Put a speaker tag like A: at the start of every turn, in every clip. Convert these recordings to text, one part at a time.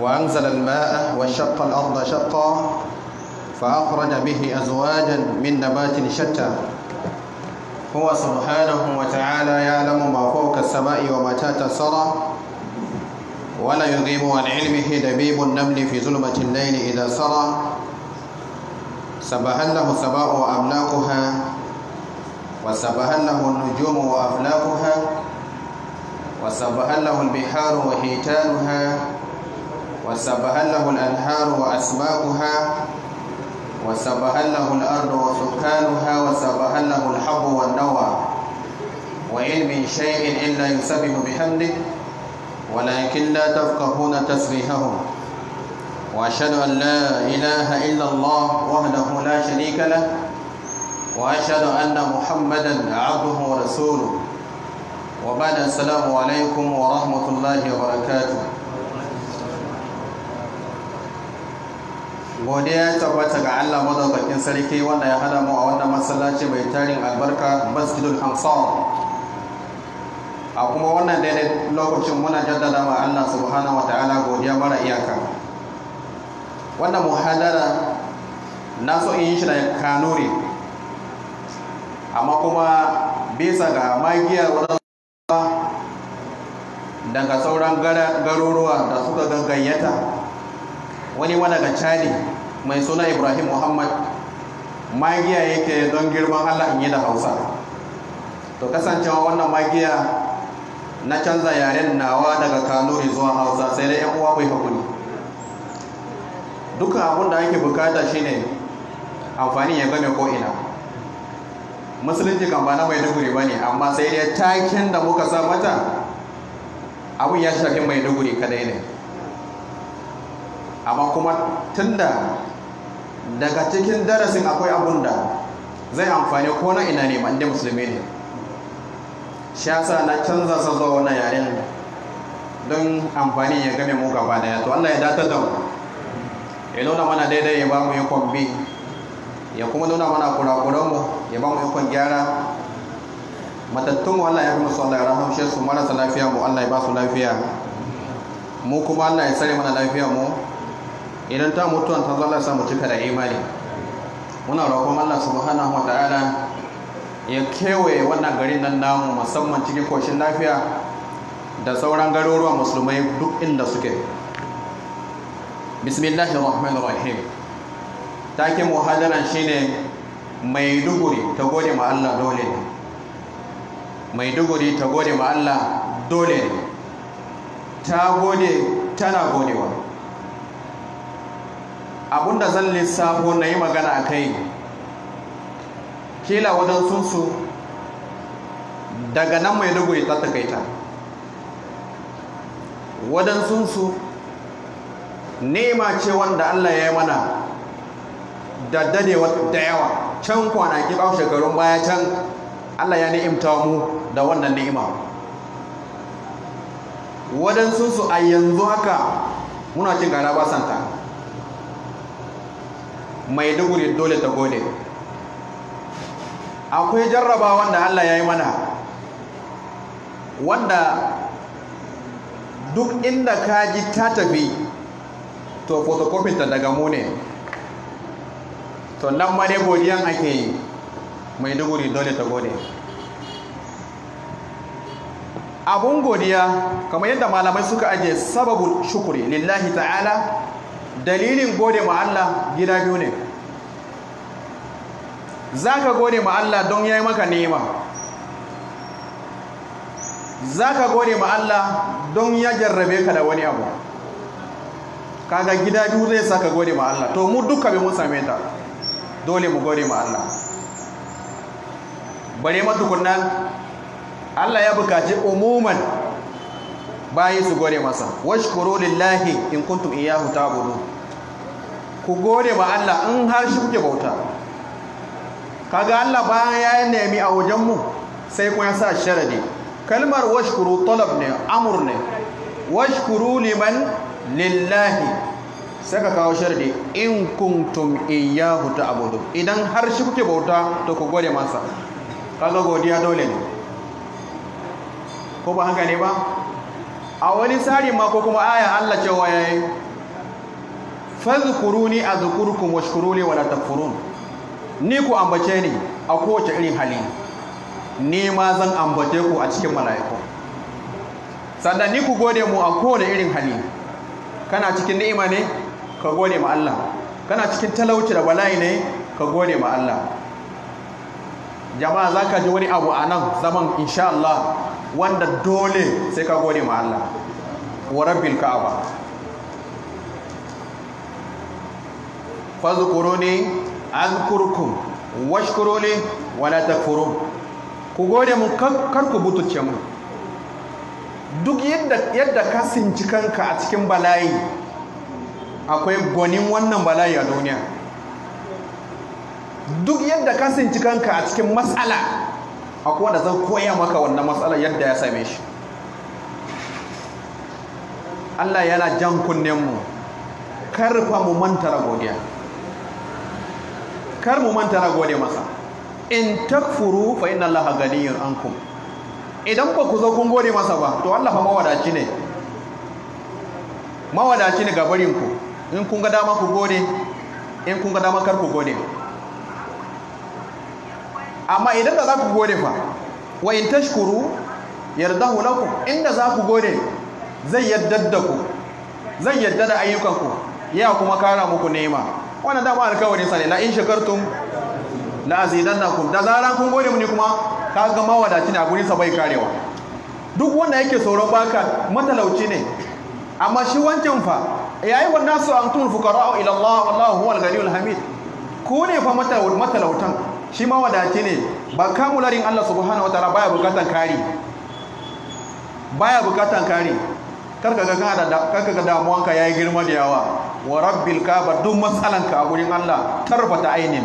A: وأنزل الماء وشق الأرض شقا فأخرج به أزواجا من نبات شتى هو سبحانه وتعالى يعلم ما فوق السماء وما تحت الثرى ولا يغيب عن علمه دبيب النمل في ظلمة الليل إذا سرى سبح له السماء وأملاكها وسبح له النجوم وأفلاكها وسبح له البحار وحيتانها وسبها له الأنهار وأسماؤها وسبها له الأرض وسكانها وسبها له الحب والنوى وإن من شيء إلا يسبح بحمده ولكن لا تفقهون تسبيحهم وأشهد أن لا إله إلا الله وحده لا شريك له وأشهد أن محمدا عبده ورسوله وبعد السلام عليكم ورحمة الله وبركاته godiya ya tabbata ga Allah madaukakin sarki wanda ya hada mu a wannan masallaci mai tarin albarka masjidul hamsan a kuma wannan daidai lokacin muna jaddada ma Allah subhanahu wa ta'ala godiya mara iyaka wannan muhadara na so in shi da kanuri amma kuma bisa ga magiyar daga sauran garuruwa da suka gangayyata wani wani Cani mai suna ibrahim muhammad magiya yake don girman allah in yi da hausa to kasancewa wannan magiya na canza yaren nawa daga kanuri zuwa hausa sai dai yan uwa bai hakuri dukkan abun da ake bukata shine amfani ya game ina. musulunci kan bana na maiduguri ba ne amma sai dai taken da muka sa mata abun ya shafi mai maiduguri kadai ne amma kuma tunda daga cikin darasin akwai abun da zai amfani ko na ina ne mande musulmi ne shi sa na canza sa zuwa wannan yaren don amfani ya game mu gaba daya to Allah ya datar da mu ya nuna mana daidai ya ba mu ikon bi ya kuma nuna mana kurakuran mu ya ba mu ikon gyara matattun mu Allah ya kuma sallah ya shi su marasa lafiya mu Allah ya ba su lafiya mu kuma Allah ya sare mana lafiya mu idan ta mutuwa ta zala samu cika da imani muna roƙon Allah subhanahu wata'ala ya kewaye wannan garin nan namu musamman cikin koshin lafiya da sauran garuruwan musulmai duk inda suke bismillahir rahmanir rahim takin muhadaran shine mai duguri ta gode ma Allah dole ne mai duguri ta gode ma Allah dole ne ta gode tana godewa abinda zan lissafo na yi magana a kai kila wajen sunsu daga nan mai dugu ta takaita sunsu, nema ce wanda allah ya yi mana da dadewa da yawa can kwanaki ba shekarun baya can allah ya ni'imta mu da wannan ni'ima su a yanzu haka muna cin gara ba santa mai duguri dole ta gode akwai jarraba wanda Allah ya yi mana wanda duk inda ka ji ta tafi to photocopies ta daga mu ne to nan ma ne godiyan ake yi mai duguri dole ta gode abun godiya kamar yadda malamai suka ajiye sababu shukuri lillahi ta'ala dalilin gode ma Allah gida biyu ne za ka gode ma Allah don ya yi maka nema. za ka gode ma Allah don ya jarrabe ka da wani abu kaga gida biyu zai sa ka gode ma Allah to mu duka bi mun same ta dole mu gode ma Allah bare matukunan Allah ya bukaci umuman bayi su gode masa koro lillahi in kuntum ta ta'budun ku gode ma Allah in har shi kuke bauta kaga Allah bayan ya nemi a wajen mu sai kuma ya sa sharadi kalmar koro talab ne amur ne koro liman lillahi sai ka kawo sharadi in kuntum ta ta'budun idan har shi kuke bauta to ku gode masa kaga godiya dole ne ko ba haka ne ba a wani tsari mako kuma 'aya Allah cewa yayi fadhkuruni azkurkum washkuruni wala takfurun ni ku ambace ni a kowace irin hali ni ma zan ambace ku a cikin mala'iku sannan ni ku gode mu a kowane irin hali kana cikin ni'ima ne ka gode ma Allah kana cikin talauci da bala'i ne ka gode ma Allah jama'a za ka ji wani abu a nan zaman insha Allah wanda dole sai ka gode ma Allah wa rabbil ka'aba fazkuruni ankurkum washkuruni wala takfurun ku gode mun kar ku butulce mu duk yadda yadda ka sinci kanka a cikin bala'i akwai gonin wannan bala'i a duniya duk yadda ka sinci kanka a cikin matsala akwai wanda zan koya maka wannan matsala yadda ya same shi Allah yana jan kunnenmu karfa mu mantara godiya kar mu mantara gode masa in takfuru fa inna Allah ghaniyyun ankum idan ba ku zo kun gode masa ba to Allah fa mawadaci ne mawadaci ne ga barinku in kun ga dama ku gode in kun ga dama kar ku gode amma idan da za ku gode fa wa in tashkuru yardahu lakum inda za ku gode zai yadda da ku zai yadda da ayyukanku ya kuma kara muku nema wannan dama alkawarin sa ne la in shakartum la azidannakum da zaran kun gode muni kuma ka kaga mawadaci na gurin sa bai karewa duk wanda yake tsoron baka matalauci ne amma shi wancan fa yayi wannan su antum fuqara'u ila Allah wallahu huwal ghaniyul hamid ku ne fa matalautan shi ma wadati ne ba kamularin Allah subhanahu wataala baya bukatan kari baya bukatan kari karka ga kana da karka damuwanka yayi girma da yawa wa rabbil kaaba duk matsalanka a gurin Allah tarfata ainin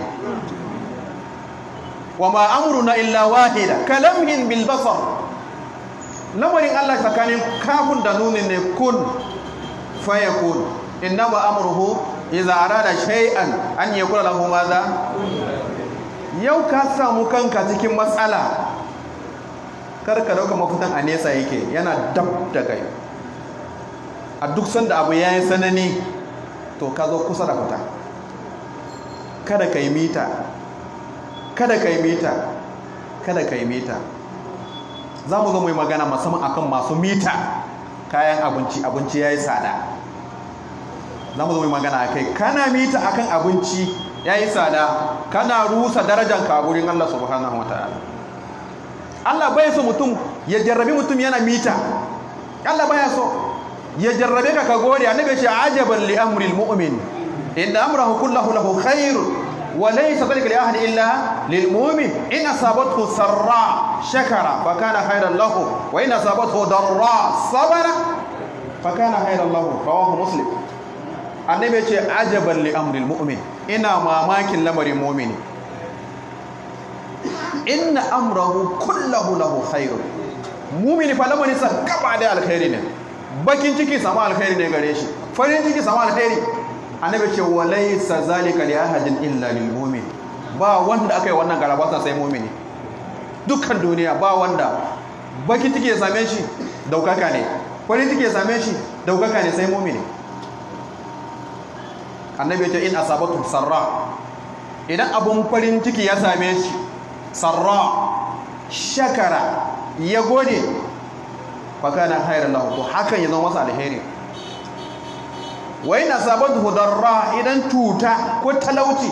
A: wa ma amruna illa wahida kalamhin bil basar lamarin Allah tsakanin kafun da nunin ne kun fayakun innama amruhu idza arada shay'an an yakula lahu madha yau ka samu kanka cikin matsala kar ka dauka mafutan a nesa yake yana dab da kai a duk sanda abu ya yi sanani to ka zo kusa da fita kada ka yi mita kada ka yi mita kada ka yi mita za mu zo mu yi magana musamman akan masu mita kayan abinci abinci ya yi tsada za mu zo mu yi magana a kai kana mita akan abinci ya yi tsada kana rusa darajan ka gurin Allah subhanahu wataala Allah bai so mutum ya jarrabi mutum yana mita Allah baya so ya jarrabe ka ka gode annabi ce ajaban li amril mu'min inna amrahu kullahu lahu khair wa laysa dhalika li ahli illa lil mu'min in asabathu sarra shakara fa kana khairan lahu wa in asabathu darra sabara fa kana khairan lahu rawahu muslim annabi ce ajaban li amril mu'min ina mamakin lamarin mumini inna amrahu kullahu lahu khairu momini fa lamarin sa gaba da alkhairi ne bakin ciki sama alkhairi ne gare shi farin ciki sama alkhairi annabi ce wa laysa zalika li ahadin illa lil mu'min ba wanda aka yi wannan garabasa sai mumini dukkan duniya ba wanda bakin ciki ya same shi daukaka ne farin ciki ya same shi daukaka ne sai mumini annabi ya ce in asabatu sarra idan abun farin ciki ya same shi sarra shakara ya gode fakana khairan lahu to hakan ya zama masa alheri wa in asabatu darra idan tuta ko talauci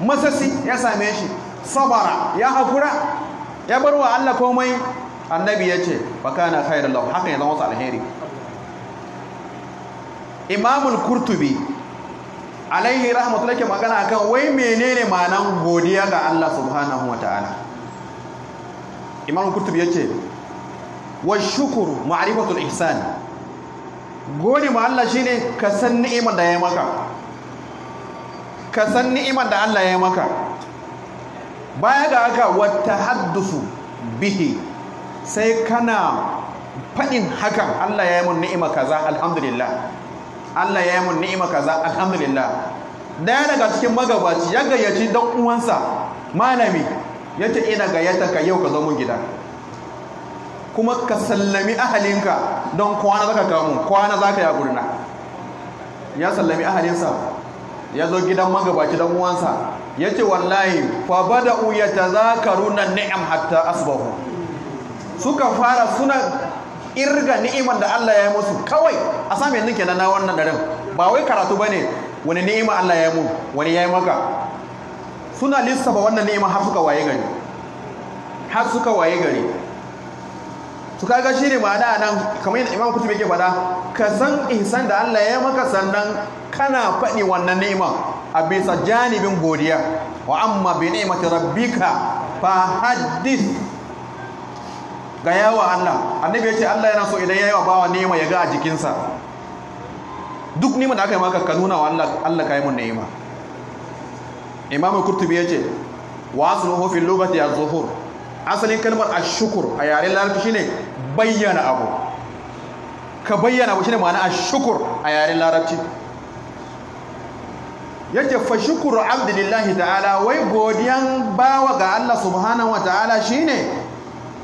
A: masasi ya same shi sabara ya hakura ya bar wa Allah komai annabi ya ce fakana khairan lahu hakan ya zama masa alheri imamul kurtubi alaihi rahmatu ke magana akan wai menene ma'anan godiya ga Allah subhanahu wa ta'ala imam ya yace wa shukuru ma'rifatul ihsan gode ma Allah shine ka san ni'imar da ya maka ka san ni'imar da Allah ya maka baya ga haka wata haddusu bihi sai kana faɗin haka Allah ya yi mun ni'ima kaza alhamdulillah Allah ya yi mun ni'ima kaza alhamdulillah daya daga cikin magabaci ya gayyaci dan uwansa malami ya ce ina gayyata ka yau ka zo mun gida kuma ka sallami ahalinka don kwana zaka mu kwana zaka ya gurna ya sallami ahalinsa ya zo gidan magabaci dan uwansa ya ce wallahi fa bada'u yatazakaruna ni'am hatta asbahu suka fara suna irga ni'imar da Allah ya yi musu kawai a sami yanzu ke na wannan daren ba wai karatu bane wani ni'ima Allah ya yi mu wani ya yi maka suna lissafa wannan ni'ima har suka waye gari har suka waye gari su kaga ne ma'ana nan kamar yadda Imam Kutubi yake faɗa ka san ihsan da Allah ya yi maka sannan kana faɗi wannan ni'ima a bisa janibin godiya wa amma bi ni'mati rabbika fa haddith ga yawa Allah annabi ya ce Allah yana so idan yi wa bawa nema ya ga a jikinsa duk nema da aka yi maka ka nuna wa Allah Allah yi mun nema Imam kurtubi ya ce wa asluhu fil lughati az-zuhur asalin kalmar ash-shukr a yaren larabci shine bayyana abu ka bayyana abu shine ma'ana ash-shukr a yaren larabci yace fa Shukuru abdillahi ta'ala wai godiyan bawa ga Allah subhanahu wa ta'ala shine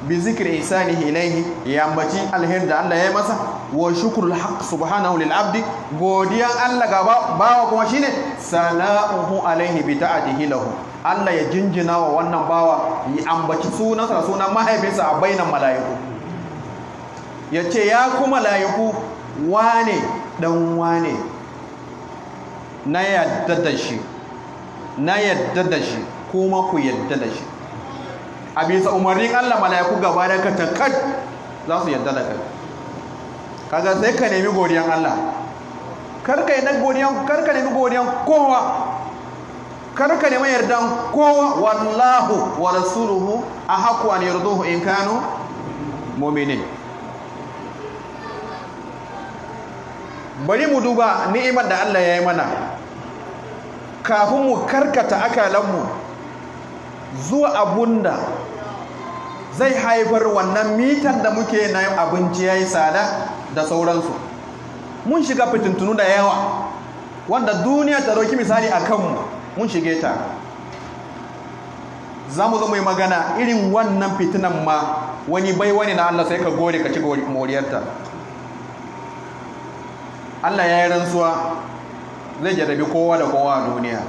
A: bi zikri ihsanihi ilayhi ya ambaci alheri da Allah ya masa wa shukrul haqq subhanahu lil abdi godiyan Allah gaba bawa kuma shine sana'uhu alaihi bi ta'atihi lahu Allah ya jinjina wa wannan bawa ya ambaci sunansa sunan mahaifinsa a bainan mala'iku ya ce ya ku mala'iku wane dan wane na yadda da shi na yadda shi kuma ku yadda da shi a bisa umarnin Allah ku gaba da ka takat za su yadda da kai kaga sai ka nemi godiyan Allah karka yi na godiyan karka nemi godiyan kowa karka nemi yardan kowa wallahu wa rasuluhu ahaqqu an yarduhu in kanu mu'minin bari mu duba ni'imar da Allah ya yi mana kafin mu karkata akalanmu zuwa abunda zai haifar wannan mitan da muke na abinci ya yi tsada da sauransu mun shiga fitintunu da yawa wanda duniya ta dauki misali a kanmu mun shige ta za mu zo yi magana irin wannan fitinan ma wani bai wani na Allah sai ka gore ka ci moriyarta Allah ya yi rantsuwa zai jarabi kowa da kowa a duniya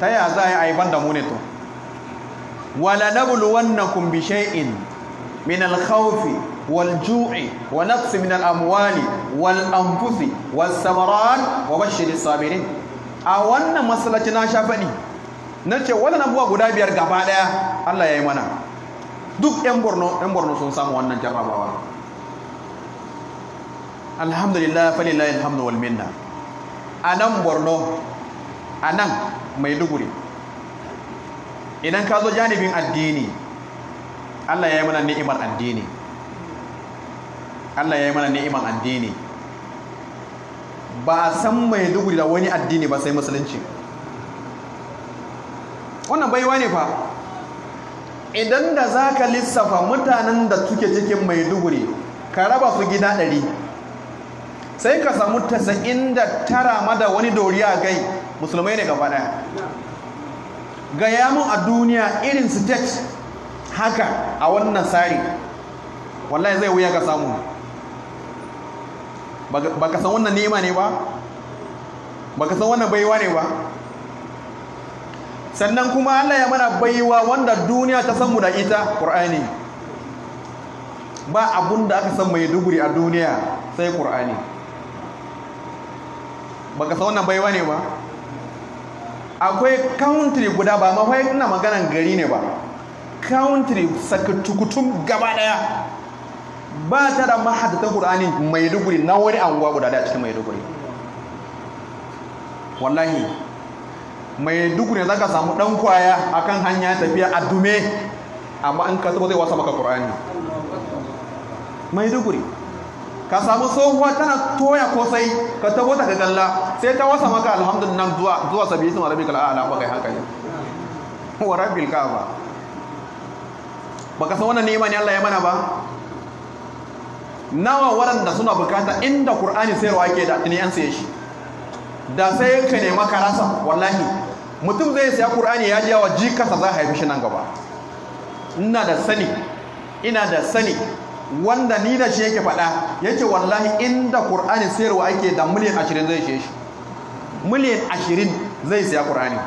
A: ta yaya za a yi aiban da mu ne to wala nabluwannakum bi shay'in min al-khawfi والجوع ونقص من الأموال والأنفس والثمرات وبشر الصابرين a wannan masallaci na sha faɗi na ce wannan abubuwa guda biyar gaba ɗaya Allah ya yi mana duk ƴan ƴan borno sun samu wannan jarrabawa alhamdulillah falilahi alhamdu wal minna a nan borno a nan maiduguri idan ka zo janibin addini Allah ya yi mana ni'imar addini Allah ya yi mana ni'imar addini ba a san mai duguri da wani addini ba sai musulunci wannan baiwa ne fa idan da za ka lissafa mutanen da suke cikin mai duguri ka raba su gida ɗari sai ka samu tasa'in da tara mada wani doriya gai musulmai ne gaba ɗaya gaya mun a duniya irin state haka a wannan tsari wallahi zai wuya ka samu ba ka san wannan nema ne ba ba ka san wannan baiwa ne ba sannan kuma Allah ya mana baiwa wanda duniya ta san mu da ita Qur'ani ba abun da aka san mai duburi a duniya sai Qur'ani ka san wannan baiwa ne ba akwai country guda ba ma ina maganan gari ne ba country sakatukutun gaba daya ba ta da Kur'ani qur'ani duguri na wani anguwa guda da cikin mai duguri wallahi duguri za ka samu dan kwaya akan hanya tafiya a dume amma in ka zai wasa maka qur'ani maiduguri ka samu tsohuwa tana toya kosai ka tabo ta ka galla sai ta wasa maka alhamdulillah zuwa zuwa sun wa kala a'la ba kai hankali wa rabbil ka'ba baka san wannan neman ne Allah ya mana ba nawa waɗanda suna bukata inda Qur'ani sayarwa ke da ne an saye shi da sai ka nema ka rasa wallahi mutum zai saya Qur'ani ya jiya wa jikarsa za a haifi shi nan gaba ina da sani ina da sani wanda ni da shi yake faɗa yake wallahi inda Qur'ani sayarwa ake da miliyan ashirin zai shi miliyan ashirin zai siya Qur'ani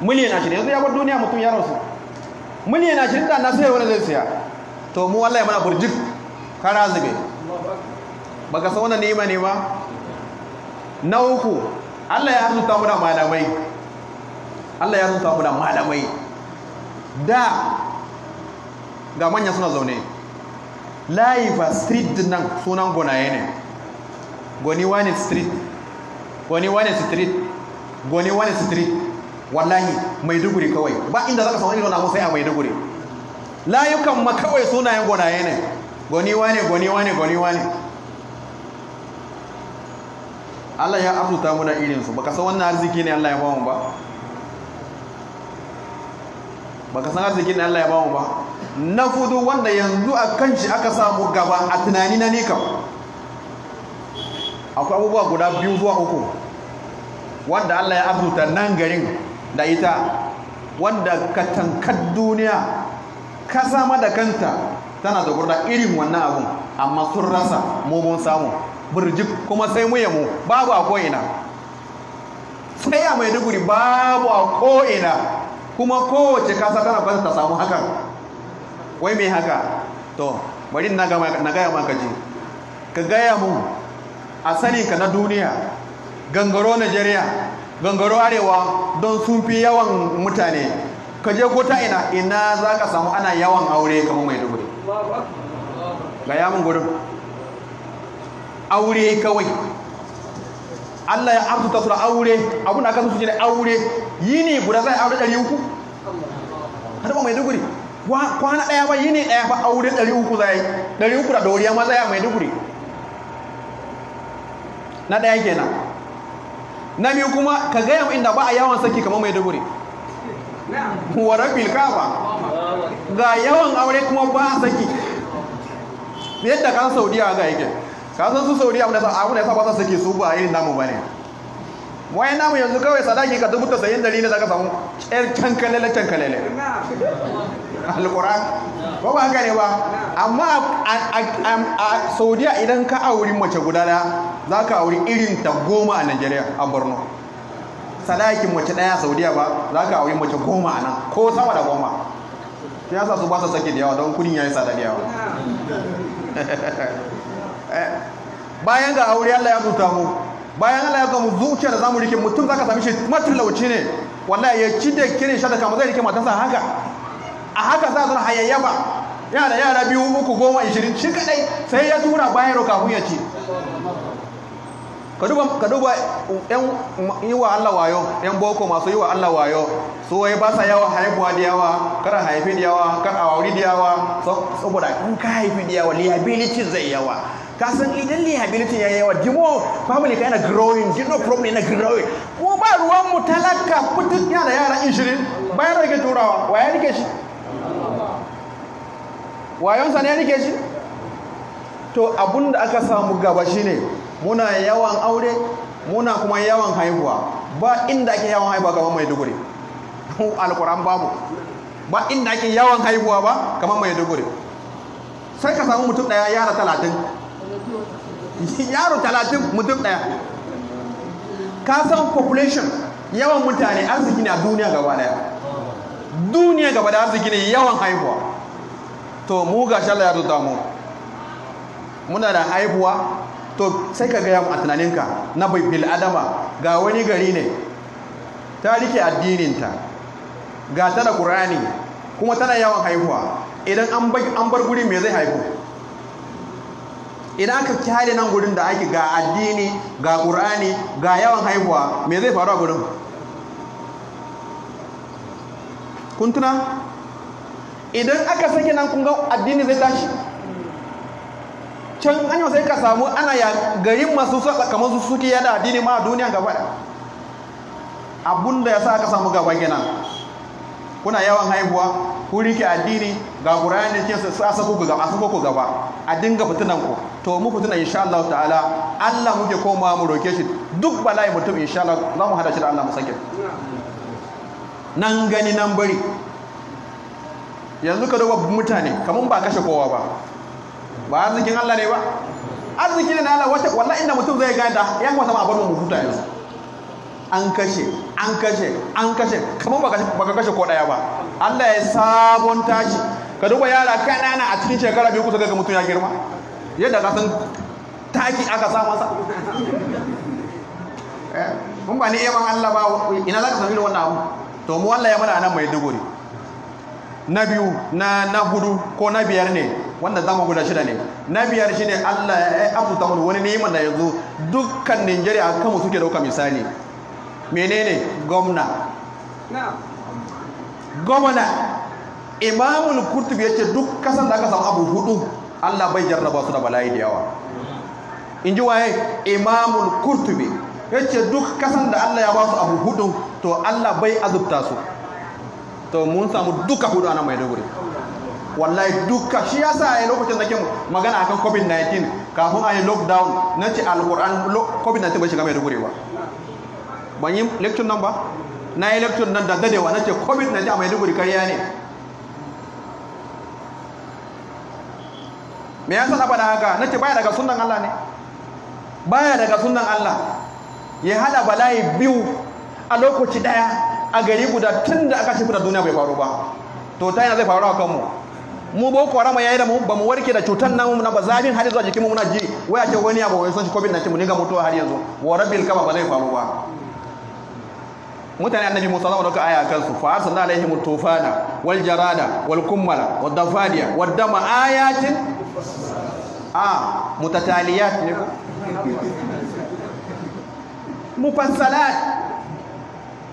A: miliyan ashirin yanzu ya bar duniya mutum ya rasu miliyan ashirin da na sayarwa zai siya to mu wallahi mana burjik kara zube baka san wannan ni'ima ne ba na uku Allah ya arzuta mu da malamai Allah ya arzuta mu da malamai da ga manya suna zaune layi fa street nan sunan gonaye ne goni wani street goni wani street goni wani street wallahi maiduguri kawai ba inda za ka samu irin namu sai a maiduguri layukan ma kawai sunayen gonaye ne goni wani goni wani goni wani. Allah ya ta muna irinsu baka san wannan arziki ne Allah ya bamu ba baka san arzikin Allah ya mu ba na fudu wanda yanzu a kan shi aka samu gaba a tunani na ne akwai abubuwa guda biyu zuwa uku wanda Allah ya abuta nan garin da ita wanda ka tankar duniya ka sama da kanta tana da gurda irin wannan abun amma sun rasa mumun samu burjik kuma sai mu yamu babu a ko'ina sai a maiduguri babu a ko'ina kuma kowace kasa tana fata ta samu hakan wai mai haka to bari na gaya maka ji ka gaya mu a sani ka na duniya gangaro najeriya gangaro arewa don sun fi yawan mutane ka je ko ta ina ina za ka samu ana yawan aure kamar mai dubu gaya mun gudun aure kawai Allah ya arzuta su da aure abin da aka sun su aure yi ne guda zai aure ɗari uku Haɗuwa ba mai duguri kwana ɗaya ba yi ne ɗaya ba aure ɗari uku zai ɗari uku da doriya ma zai mai duguri na ɗaya kenan na biyu kuma ka gaya mu inda ba a yawan saki kamar mai duguri wa rabbil ba. ga yawan aure kuma ba a saki yadda kan saudiya ga yake ka san su sauri abu da sa abu da sa ba sa sake su ba irin namu bane wayan namu yanzu kawai sadaki ka dubu 90 dari ne zaka samu ƴar tankalele tankalele alquran ko ba haka ne ba amma a saudiya idan ka auri mace guda daya za ka auri irin ta goma a nigeria a borno sadakin mace daya saudiya ba za ka auri mace goma a nan ko sama da goma ya sa su ba su sake da yawa don kudin ya yi sada yawa bayan ga aure Allah ya zuta mu bayan Allah ya ga mu zuciya da zamu rike mutum zaka sami shi matalauci ne wallahi ya ci da kire shi da kama zai rike matansa haka a haka za zura hayayyaba yana yara biyu uku goma ishirin shi kadai sai ya tura bayan roka ya ci ka duba ka duba yan yi wa Allah wayo yan boko masu yi wa Allah wayo su wai ba sa yawa haihuwa da yawa kar haifi da yawa kar awari da yawa saboda in ka haifi da yawa liability zai yawa ka san idan liability ya yawa dimo family ka yana growing dino problem yana growing ko ba ruwan mu talaka fitin yana da yara 20 bayan rage turawa wa ya rike shi wayonsa ne ya rike shi to abun da aka samu gaba shine muna yawan aure muna kuma yawan haihuwa ba inda ake yawan haihuwa kamar mai duguri alkuran babu ba inda ake yawan haihuwa ba kamar mai duguri sai ka samu mutum daya yara talatin yaro talatin mutum ɗaya ka san population yawan mutane arziki ne a duniya gaba daya duniya gaba da arziki ne yawan haihuwa to mu ga shalla ya zuta mu muna da haihuwa to sai ka gaya a tunaninka na bai bil adama ga wani gari ne ta rike addininta ga ta da ƙurani kuma tana yawan haihuwa idan an bar guri me zai haihu idan aka kyale nan gurin da ake ga addini ga ƙur'ani ga yawan haihuwa me zai faru a gurin kun tuna idan aka sake nan kun ga addini zai tashi can an sai ka samu ana ya garin masu kamar su suke yada addini ma a duniya gaba abun da ya sa aka samu gaba kenan kuna yawan haihuwa ku ke addini ga Qur'ani ce su asa ku gaba asa ku gaba a dinga fitinan ku to mu fitina insha Allah ta'ala Allah muke komawa mu roke shi duk bala'i mutum insha Allah za mu hada shi da Allah mu sake nan gani nan bari yanzu ka duba mutane kaman ba kashe kowa ba ba arzikin Allah ne ba arzikin ne na Allah wallahi inda mutum zai gada ya kuma sama abin mu huta yanzu an kashe an kashe an kashe kamar baka kashe ko daya ba Allah ya sabon tashi ka duba yara kanana a cikin shekara biyu kusa ga mutum ya girma yadda ka san taki aka sa masa mun ba ni Allah ba ina za ka sami wannan abu to mu wallahi ya mana anan mai duguri na biyu na na hudu ko na biyar ne wanda zama guda shida ne na biyar shine Allah ya ta wani neman da yanzu dukkan Nigeria akan mu suke dauka misali menene gwamna gwamna imamul kurtubi ya ce duk kasan da aka samu abu hudu allah bai jarraba su da bala'i da yawa in ji waye imamul kurtubi ya ce duk kasan da allah ya ba su abu hudu to allah bai azubta su to mun samu duka hudu ana mai maiduguri wallahi duka shi ya sa a yi lokacin da ke magana akan covid-19 kafin a yi lockdown na ce alkur'an covid-19 bai shiga maiduguri ba ban yi lecture nan ba na yi lecture nan da dadewa na ce covid na ji a maiduguri karya ne me yasa na faɗa haka na ce baya daga sunan allah ne baya daga sunan allah ya hada bala'i biyu a lokaci daya a gari guda tun da aka shafi da duniya bai faru ba to ta yana zai faru a kanmu mu bo boko haram yayi da mu ba mu warke da cutar nan na ba zabin har zuwa jikin mu muna ji waya ce wani abu wai san shi covid-19 mu ga mutuwa har yanzu wa rabbil kaba ba zai faru ba mutane annabi Musa zama dauka aya kansu fa arsalna alaihim tufana wal jarada wal kummala wad dafadiya wad dama ayatin a mutataliyat ne ko mufassalat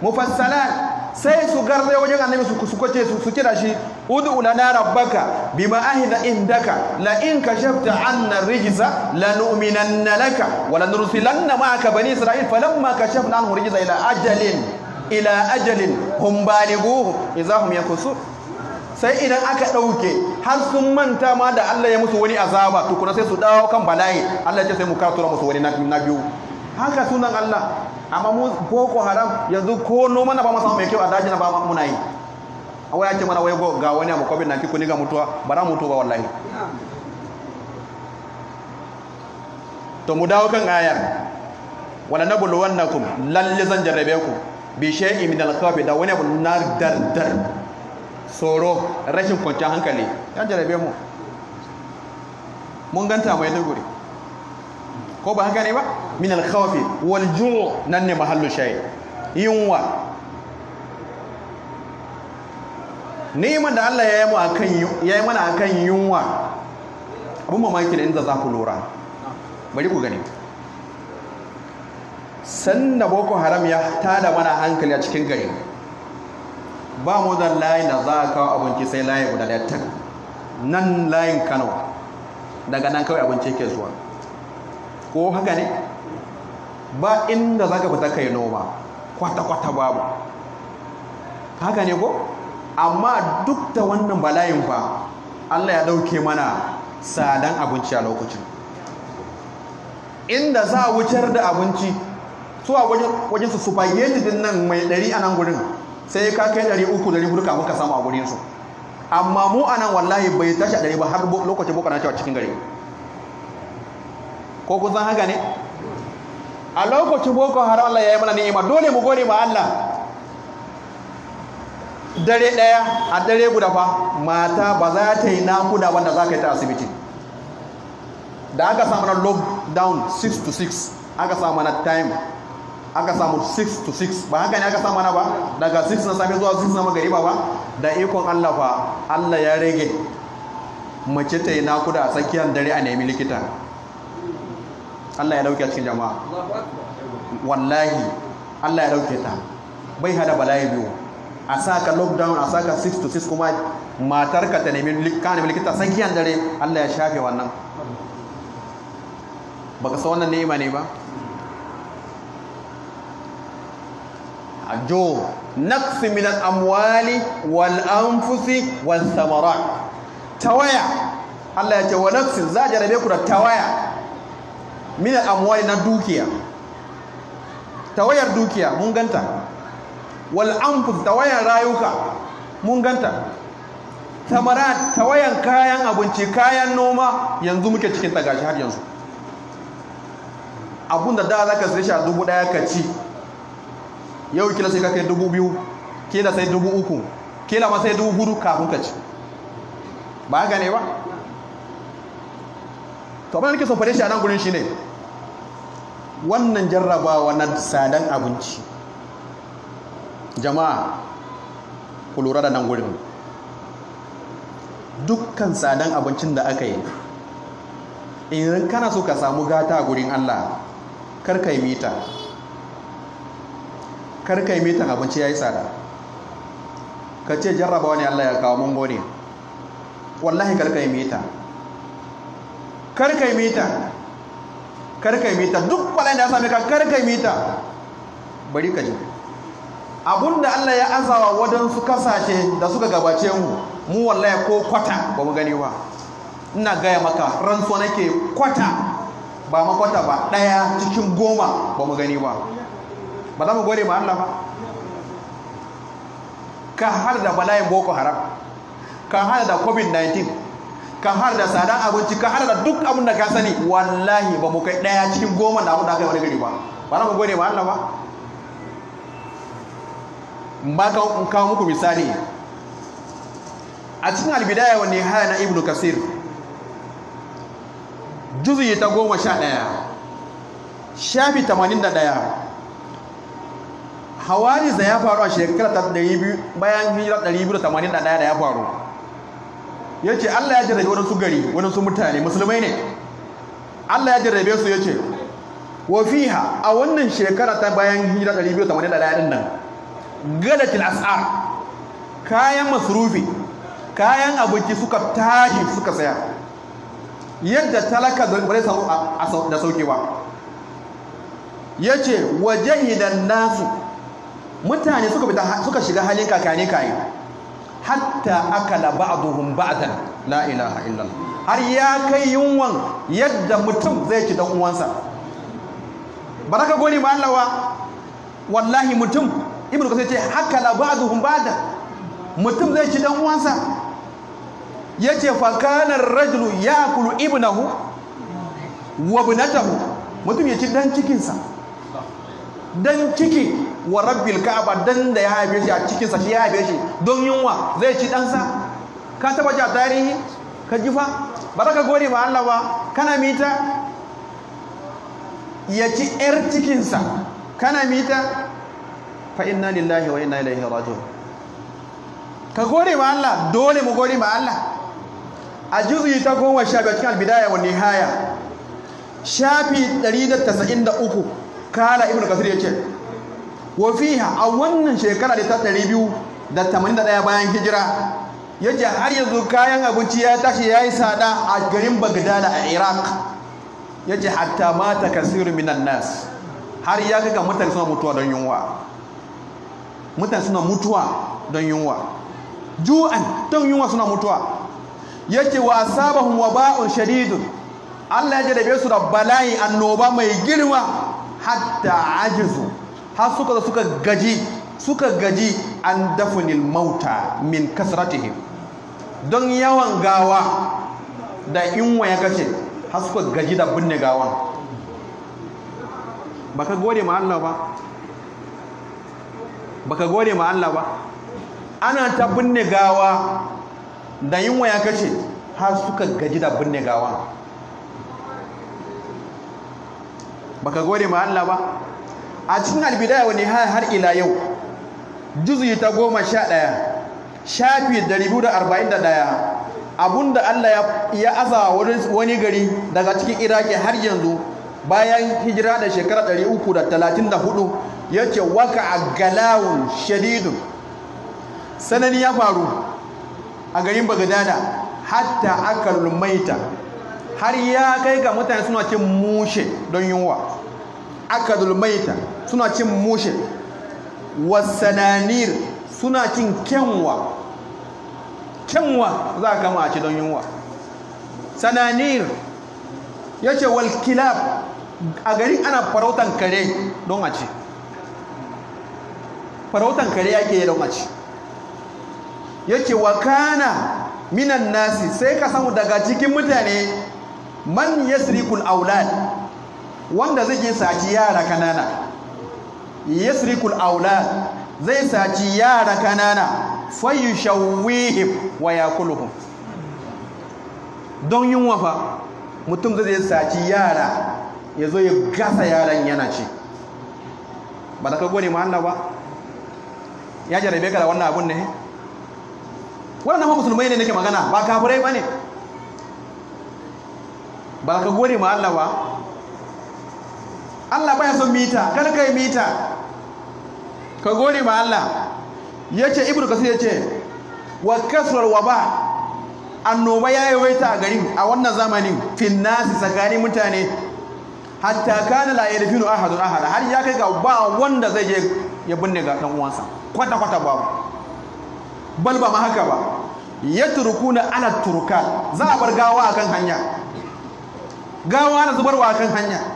A: mufassalat sai su garre wajen annabi su su kace su su kira shi ud'u ulana rabbaka bima ahida indaka la in kashafta anna rijza la nu'minanna laka wa lanursilanna ma'aka bani isra'il falamma kashafna anhu rijza ila ajalin ila ajalin hum balighuhu idza hum yankusu sai idan aka ɗauke har sun manta ma da Allah ya musu wani azaba tukuna sai su dawo kan bala'i Allah ya ce sai mu katura musu wani na biyu haka sunan Allah amma mu boko haram yanzu ko noma na ba mu samu mai kyau a daji na ba muna yi a waya ce mana wai ga wani abu covid 19 kuni ga mutuwa ba na mutu ba wallahi to mu dawo kan ayar wala nabulu wannakum lalle zan jarrabe ku bishe yi min al da wani abu na dardar tsoro rashin kwanciyar hankali yan jarabe mu mun ganta mai duguri ko ba haka ne ba min al wal ju' nan ne mahallu shay yunwa neman da Allah ya yi mu akan ya yi mana akan yunwa abun mamaki ne inda za ku lura bari ku gani sanda boko haram ya tada mana hankali a cikin gari ba mu da layin da za a kawo abinci sai layi guda da nan layin kano daga nan kawai abinci ke zuwa ko haka ne ba inda za ka fita kai noma kwata-kwata babu haka ne ko amma duk da wannan layin ba, allah ya ɗauke mana tsadan abinci a lokacin inda za a wucar da abinci su a wajen su su din nan mai ɗari a nan gurin sai ka kai ɗari uku ɗari hudu kafin ka samu a gurin su amma mu a nan wallahi bai tashi a ɗari ba har lokacin boko na cewa cikin gari ko kun san haka ne a lokacin boko har Allah ya yi mana ni'ima dole mu gode ma Allah dare ɗaya a dare guda fa mata ba za ta yi nakuda wanda za ka yi ta asibiti da aka samu na lockdown 6 to 6 aka samu na time aka samu 6 to 6 ba haka ne aka samu na ba daga 6 na safe zuwa 6 na magariba ba da ikon Allah fa Allah ya rage mace ta yi nakuda a tsakiyar dare a nemi likita Allah ya dauke a cikin jama'a wallahi Allah ya dauke ta bai hada bala'i biyu a saka lockdown a saka 6 to 6 kuma matar ka ta nemi likita tsakiyar dare Allah ya shafe wannan baka san wannan ni'ima ne ba ajo naqsi min al-amwali wal anfusi wal thamarat tawaya Allah ya ce wa naqsin za jarabe ku da tawaya min al-amwali na dukiya tawayar dukiya mun ganta wal anfus tawayar rayuka mun ganta Samarat tawayan kayan abinci kayan noma yanzu muke cikin tagashi har yanzu Abun da za ka sai a dubu daya ka ci yau kila sai ka kai dubu biyu kila sai dubu uku kila ma sai dubu hudu kafin ka ci ba gane ba to abin da nake son fare shi a nan gurin shine wannan jarrabawa na sadan abinci jama'a ku lura da nan gurin dukkan sadan abincin da aka yi idan kana so ka samu gata a gurin Allah kar ka yi mita kar ka yi mitan abinci ya yi tsada ka ce jarraba wani Allah ya kawo mun ne wallahi kar ka yi mita kar ka yi mita kar ka yi mita duk kwallon da ya sami ka kar ka yi mita bari ka ji abunda Allah ya azawa wadansu kasashe da suka gabace mu mu wallahi ko kwata ba mu gani ba ina gaya maka rantsuwa nake kwata ba makwata ba ɗaya cikin goma ba mu gani ba ba za mu gode ma Allah ba ka har da bala'in boko haram ka har da covid-19 ka har da tsadan abinci ka har da duk abin da ka sani wallahi ba mu kai daya cikin goma da abin da aka yi wani gari ba ba za mu gode ma Allah ba ba ka kawo muku misali a cikin albidaya wani haya na ibnu kasir juzuyi ta goma sha ɗaya shafi tamanin da ɗaya hawaris da ya faru a shekara ta biyu bayan hijira biyu da da ɗaya ya faru ya ce Allah ya jarrabe su gari wani su mutane musulmai ne Allah ya jarrabe su ya ce wa fiha a wannan shekara ta bayan hijira ɗaya ɗin nan galatil as'ar kayan masrufi kayan abinci suka tashi suka saya yadda talaka da bare samu da saukewa yace wajahidan nasu mutane suka fita suka shiga halin kakani kai hatta akala ba'dhum ba'dan la ilaha illallah har ya kai yunwan yadda mutum zai ci dan uwansa baraka gode ma Allah wa wallahi mutum ibnu kasai ce hakala ba'dhum ba'dan mutum zai ci dan uwansa yace fa kana ar-rajulu ya'kulu ibnahu wa ibnatahu mutum ya ci dan cikinsa dan ciki wa rabbil ka'aba dan da ya haife shi a cikin sa shi ya haife shi don yunwa zai ci dan sa ka taba ji a tarihi ka ji fa ba za ka gode ba Allah ba kana mita ya ci yar cikin sa kana mita fa inna lillahi wa inna ilaihi raji'un ka gode ba Allah dole mu gode ba Allah a juzuyi ta goma sha a cikin albidaya wa nihaya shafi 193 kala ibnu kasir ce. wa fiha a wannan shekara da ta ɗaya bayan hijira ya ce har yanzu kayan abinci ya tashi ya yi sada a garin bagdada a Iraq ya yace hatta mata kasiru minan nas har ya ga mutane suna mutuwa don yunwa mutane suna mutuwa don yunwa ju'an don yunwa suna mutuwa ya ce wa asabahum baun shadidun Allah ya jarabe su da bala'i annoba mai girma hatta ajizu har suka zo suka gaji suka gaji an dafunil mauta min kasratihi don yawan gawa da inwa ya kace har suka gaji da binne gawan baka gode ma Allah ba baka gode ma Allah ba ana ta binne gawa da inwa ya kace har suka gaji da binne gawa baka gode ma Allah ba a cikin albidaya wani har ila yau juzuyi ta goma sha ɗaya shafi da ribu da arba'in da ɗaya abinda Allah ya aza wani gari daga cikin iraki har yanzu bayan hijira da shekara ɗari uku da talatin da hudu ya ce waka a galawun shadidun sanani ya faru a garin bagadana hatta aka lumaita har ya kai ga mutane suna cin mushe don yunwa aka lumaita suna cin mushe wasananir suna cin kyanwa kyanwa za a kama a ci don yunwa sananir ya ce walkilab a gari ana farautan kare don a ci farautan kare yake yi don a ci ya ce wa kana minan nasi sai ka samu daga cikin mutane man yasrikul aulad wanda zai je saci yara kanana yasrikul aula zai saci yara kanana fayushawwihim wa yakuluhum don yunwa wafa mutum zai saci yara ya zo ya gasa yaran yana ce ba da ka gode ma Allah ba ya jarabe ka wannan abun ne wannan ma musulmai ne nake magana ba kafirai ba ne ba ka gode ma Allah ba Allah baya son mita kar kai mita ka gode ma Allah yace ibnu kasir yace wa kasral waba annoba ya yawaita a garin a wannan zamanin finnasi tsakanin mutane hatta kana la yarfinu ahadun ahada har ya kai ga ba wanda zai je ya binne ga dan uwansa kwata kwata babu bal ba ma haka ba yatrukuna ala turuka. za a bar gawa akan hanya gawa na zubarwa akan hanya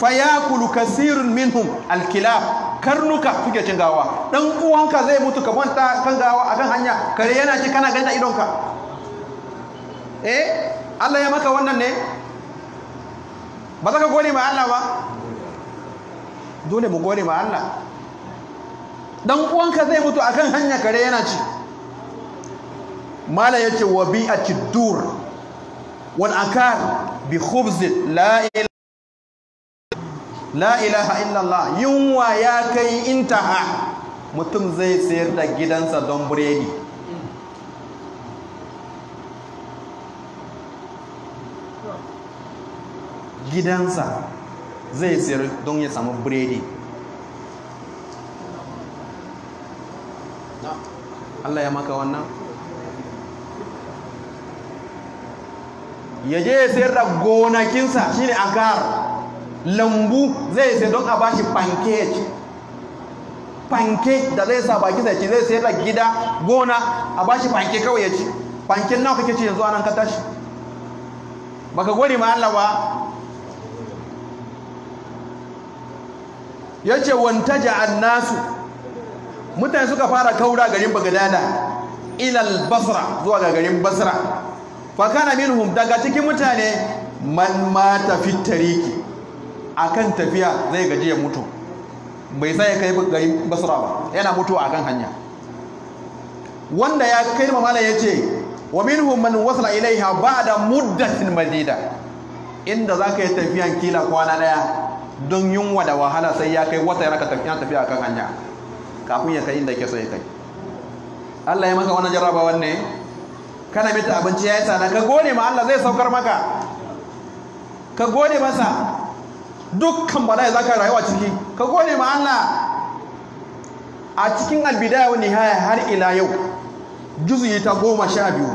A: fayakulu kasirun minhum alkilab karnuka suke cin gawa dan uwanka zai mutu ka manta kan gawa akan hanya kare yana ci kana ganta idonka eh Allah ya maka wannan ne ba za ka gode ma Allah ba dole mu gode ma Allah dan uwanka zai mutu akan hanya kare yana ci mala yace wa a dur wal akar bi khubz la la ilaha illallah yunwa ya kai intaha mutum zai sayar da gidansa don buredi gidansa zai sayar don ya samu buredi Allah ya maka wannan ya je ya sayar da gonakinsa shi shine akar lambu zai sai don a bashi pancake panke da zai sa baki zai ce zai sai da gida gona a bashi panke kawai ya ci panke nawa kake ce yanzu anan ka tashi baka gode ma Allah ba yace wantaja nasu mutane suka fara kaura garin Bagdada ilal Basra zuwa ga garin Basra fa kana minhum daga cikin mutane man mata fi tariki akan tafiya zai gaji ya mutu bai sai kai gari basura ba yana a akan hanya wanda ya kai mamala ya ce wa minhu man wasala ilaiha da muddatin madida inda za ka yi tafiyan kila kwana daya don yunwa da wahala sai ya kai wata yana tafiya akan hanya kafin ya kai inda ke so ya kai Allah ya maka wannan jarrabawan ne kana mita abinci ya yi tsada ka gode ma Allah zai saukar maka ka gode masa dukkan bala'i za ka rayuwa ciki ka gode ma a cikin albidaya wani haya har ila yau juzuyi ta goma sha biyu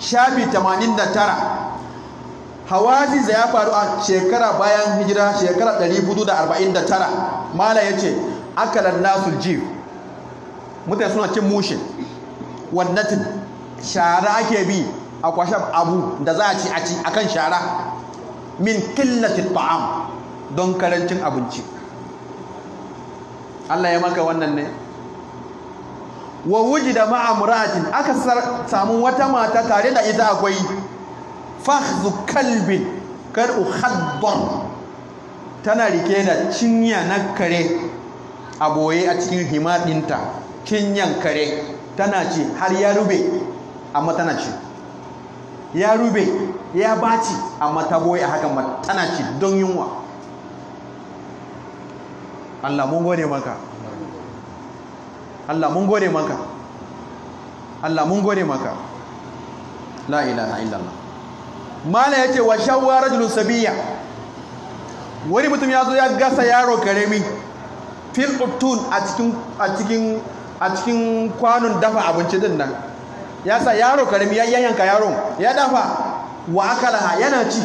A: sha biyu tamanin da tara hawaziza ya faru a shekara bayan hijira shekara 449 mala ya ce akalar nasu ji. mutane suna cin mushe Wannan shara ake bi a kwashe abu da za a ci a ci akan shara min killatin ta'am don karancin abinci Allah ya maka wannan ne wa wujida ma'a ma'amuratin aka samu wata mata tare da ita akwai fahzu kalbin kar haddon. tana rike da cinya na kare a boye a cikin himadinta cinyan kare tana ce har ya rube amma tana ce ya rube ya baci amma ta boye a hakan tana ce don yunwa Allah mun gode maka Allah mun gode maka Allah mun gode maka la ilaha illallah mala yace wa shawwa rajulun sabiya wani mutum ya zo ya gasa yaro karemi fil utun a cikin a cikin a cikin kwanon dafa abinci din nan ya sa yaro karemi ya yanka yaron ya dafa wa akalaha yana ci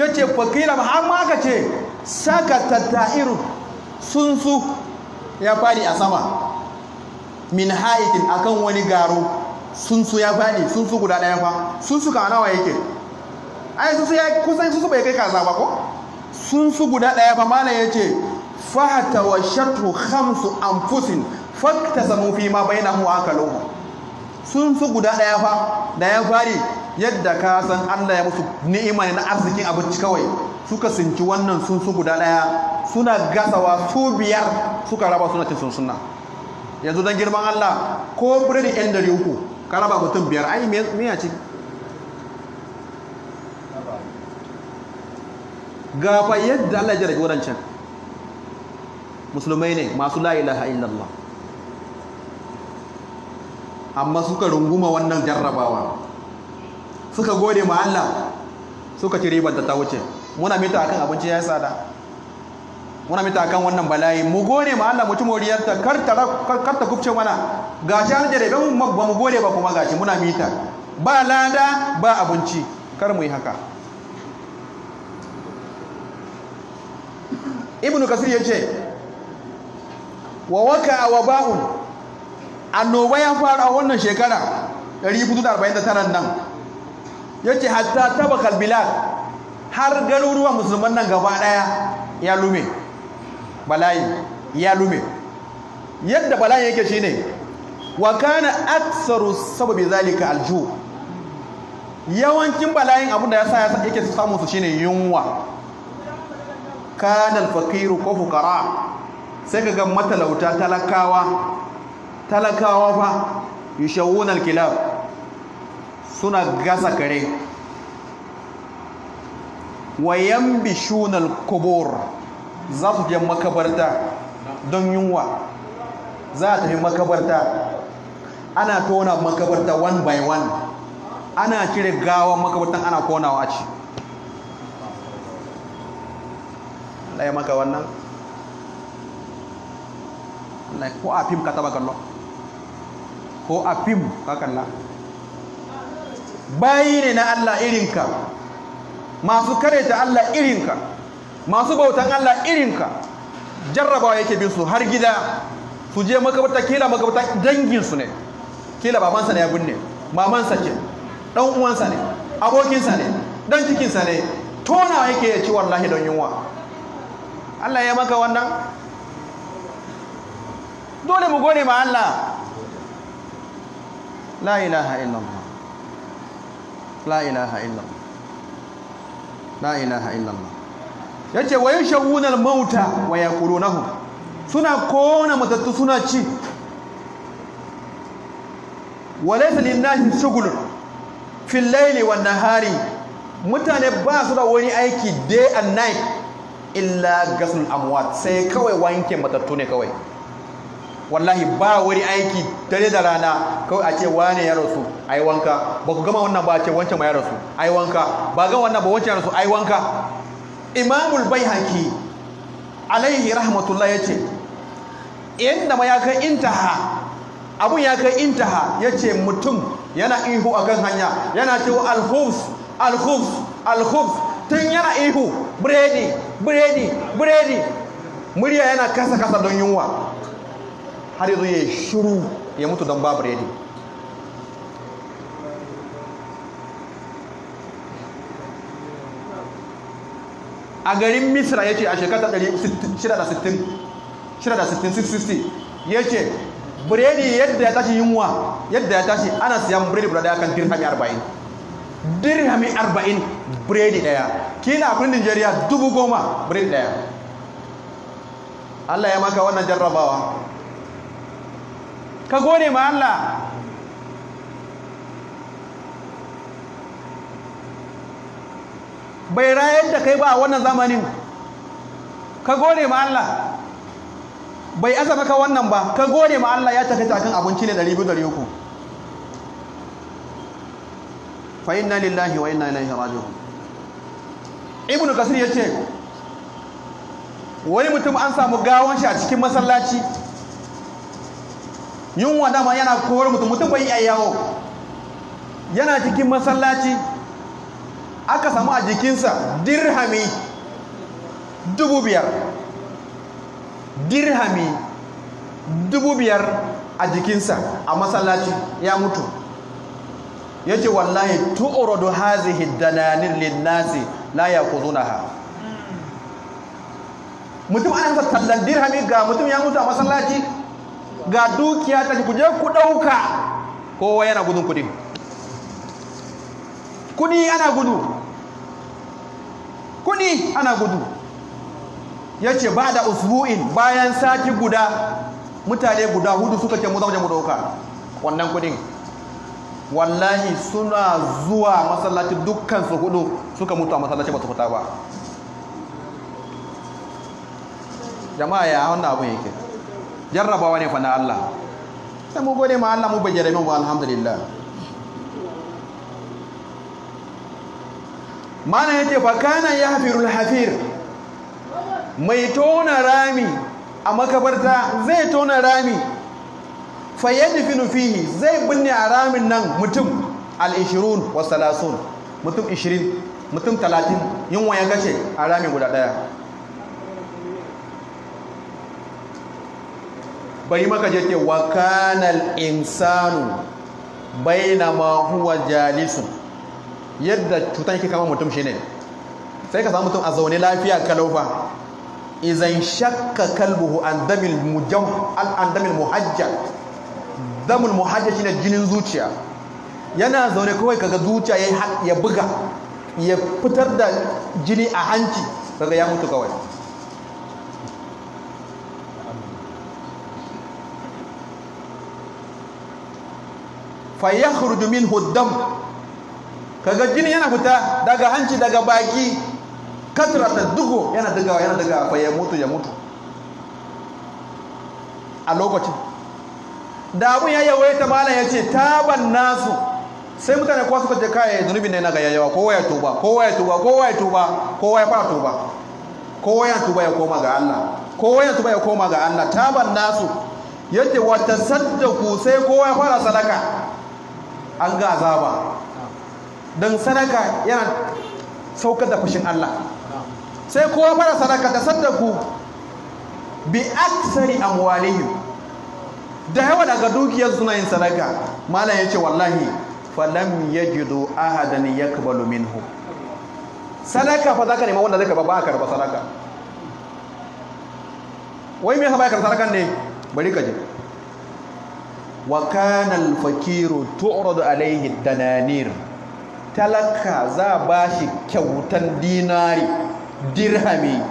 A: yace fakila ma amma ka ce sakata ta'iru sunsu ya fadi a sama min ha'itin akan wani garo sunsu ya fadi sunsu guda daya fa sunsu ka nawa yake ai sunsu ya kusan tsuntsu bai kai kaza ba ko sunsu guda daya fa malam yace fahata wa shatu khamsu anfusin faktasamu fi ma bainahu akaluhu sunsu guda daya fa da ya fadi yadda ka san Allah ya musu ni'ima ne na arzikin abinci kawai suka sinci wannan sun su guda daya suna gasawa su biyar suka raba suna cin sunna yanzu dan girman Allah ko biredi yan dari uku ka raba mutum biyar ai me ya ci gafa yadda Allah ya rage wadancan musulmai ne masu la ilaha illallah amma suka runguma wannan jarrabawa suka gode ma Allah suka ci riban ta wuce muna mita akan abinci ya sada muna mita akan wannan bala'i mu gode ma Allah mutum moriyarta kar ta kar ta kufce mana gashi an jare don ba mu gode ba kuma gashi muna mita ba lada ba abinci kar mu yi haka ibnu kasir yace wa waka wa ba'un annoba ya fara wannan shekara 1449 nan yace hatta taba kalbila har garuruwan musulman nan gaba daya ya lume balayi ya lume yadda bala'in yake shine wa kana aktsaru sababi zalika alju yawancin balayin abin da yasa yake samu su shine yunwa kana alfaqiru ko fukara sai kaga matalauta talakawa talakawa fa yushawuna alkilab suna gasa kare wayan bishunan kubur za su je makabarta don yunwa za a tafi makabarta ana tona makabarta one by one ana cire gawa makabartan ana konawa a ci Allah ya maka wannan ko a fim ka taba kallo ko a fim ka kalla bayi ne na Allah irinka masu kareta Allah irinka masu bautan Allah irinka jarrabawa yake bin su har gida su je makabata kila makabata danginsu ne kila babansa ne ya binne mamansa ce dan uwansa ne abokinsa ne dan cikinsa ne tona yake ya ci wallahi don yunwa Allah ya maka wannan dole mu gode ma Allah la ilaha illallah la ilaha illallah la ilaha illallah yace wa yashawuna al-mauta wa yaqulunahu suna kona matattu suna ci wa laysa lin-nasi shughulun fil layli wan-nahari mutane ba su da wani aiki day and night illa gasul amwat sai kawai wanke matattu ne kawai wallahi ba wani aiki dare da rana kawai a ce wane ya rasu yi wanka ba ku gama wannan ba a ce wancan ma ya rasu yi wanka ba ga wannan ba wancan ya rasu yi wanka imamul haki alaihi rahmatullah ce. inda ma ya kai intaha abun ya kai intaha ya ce mutum yana ihu akan hanya yana ce al alhufs al al tun yana ihu biredi biredi biredi murya yana kasa kasa don yunwa har yanzu ya shuru ya mutu don babu redi a garin misra ya ce a shekara 660 ya ce biredi yadda ya tashi yunwa yadda ya tashi ana siyan biredi guda daya kan dirhami arba'in dirhami arba'in biredi daya kina a nigeria dubu goma biredi daya allah ya maka wannan jarrabawa ka gode ma Allah bai rayar da kai ba a wannan zamanin ka gode ma Allah bai aza maka wannan ba ka gode ma Allah ya tafi takan abinci ne 200-300 fa inna lillahi wa inna ilaihi raji'un ibn kasir ya ce wani mutum an samu gawon shi a cikin masallaci yunwa dama yana kowar mutum mutum bai iya yawo yana cikin masallaci aka samu a jikinsa dirhami dubu biyar dirhami dubu biyar a jikinsa a masallaci ya mutu ya ce wallahi da hazihi dananir linnasi la ha? mutum an sa tallan dirhami ga mutum ya mutu a masallaci ga dukiya ta ku je ku ɗauka kowa yana gudun kuɗin kuɗi ana gudu kuɗi ana gudu ya ce ba da usbu'in bayan sati guda mutane guda hudu suka ce mu zaune mu wannan kuɗin wallahi suna zuwa masallaci dukkan su hudu suka mutu a masallaci ba su fita ba jama'a ya hannu abin yake jarrabawa ne fana Allah sai mu gode ma Allah mu bayyana min wa alhamdulillah mana yace fa kana yahfirul hafir mai tona rami a makabarta zai tona rami fa yadfinu fihi zai binne a ramin nan mutum al-20 wa 30 mutum 20 mutum 30 yunwa ya gashe a rami guda daya bai maka yake wa kanal insanu baina huwa jalisun yadda cutan yake kama mutum shine sai ka samu mutum a zaune lafiya kalaufa Izan shakka kalbuhu an damil mujam an damil muhajja damul muhajja shine jinin zuciya yana zaune kawai kaga zuciya ya buga ya fitar da jini a hanci daga ya mutu kawai fa yakhruju minhu dam kaga jini yana fita daga hanci daga baki katrata dugo yana dagawa yana dagawa fa ya mutu ya mutu a lokacin da abun ya yawaita malam ya ce taban nasu sai mutane kuwa suka ce ya zunubi na yana ga yawa. kowa ya tuba kowa ya tuba kowa ya tuba kowa ya fara tuba kowa ya tuba ya koma ga Allah kowa ya tuba ya koma ga Allah taban nasu yace wata saddaku sai kowa ya fara sadaka an ga azaba don sadaka yana saukar da fushin Allah sai kowa mara sadaka ta ku bi aksari amwalihim da yawa daga dukiyar suna yin sadaka malam yace wallahi falam yajidu ahadan yakbalu minhu sadaka fa zaka nema wanda zaka ba ba karba sadaka wai me yasa ba karba sadaka ne bari ka je wa kana alfakiru tu'radu alaihi dananir talaka za ba shi kyautan dinari dirhami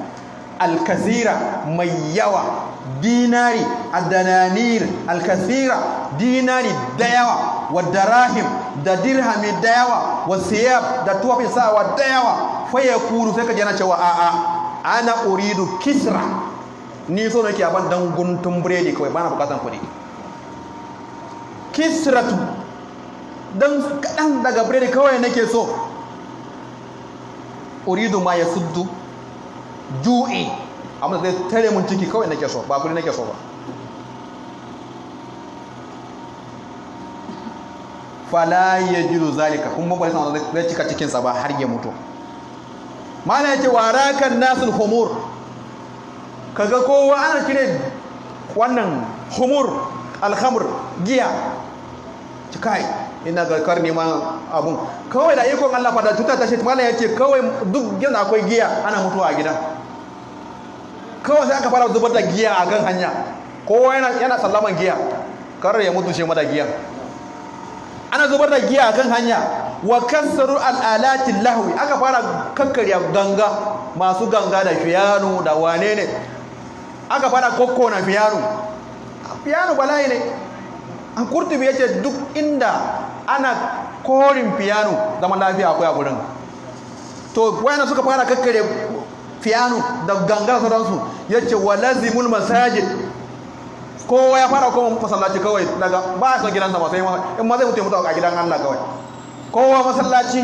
A: alkasira mai yawa dinari adananir alkasira dinari da yawa wa darahim da dirhami da yawa wa siyab da tuwafi sawa da yawa faye kuru sai ka jana cewa a'a ana uridu kisra ni so nake aban dan guntun biredi kawai bana bukatan kuɗi kisratu don kaɗan daga biredi kawai nake so uridu ma ya suddu ju'i amma zai tare mun ciki kawai nake so ba kuri nake so ba fala ya ji zalika kuma bai san zai cika cikinsa ba har ya mutu mana yake kan nasul humur kaga kowa ana cire wannan humur alhamur giya ci kai ina ga kar neman abun kawai da ikon Allah fada tuta ta shi malam yace kawai duk gidan akwai giya ana mutuwa a gidan kawai sai aka fara zubar da giya a kan hanya kowa yana sallaman giya kar ya mutu shi mada giya ana zubar da giya a kan hanya wa al alati lahwi aka fara kakkarya ganga masu ganga da fiyano da wane ne aka fara kokkona fiyano fiyano bala'i ne kurtubi ya ce duk inda ana korin fiyano zaman lafiya akwai a gurin to wayana suka fara kakkare fiyano da gangar sauransu ya ce wa lazimul masajid kowa ya fara kuma masallaci kawai daga ba a son gidansa ba sai in ma zai mutu mutu a gidan Allah kawai kowa masallaci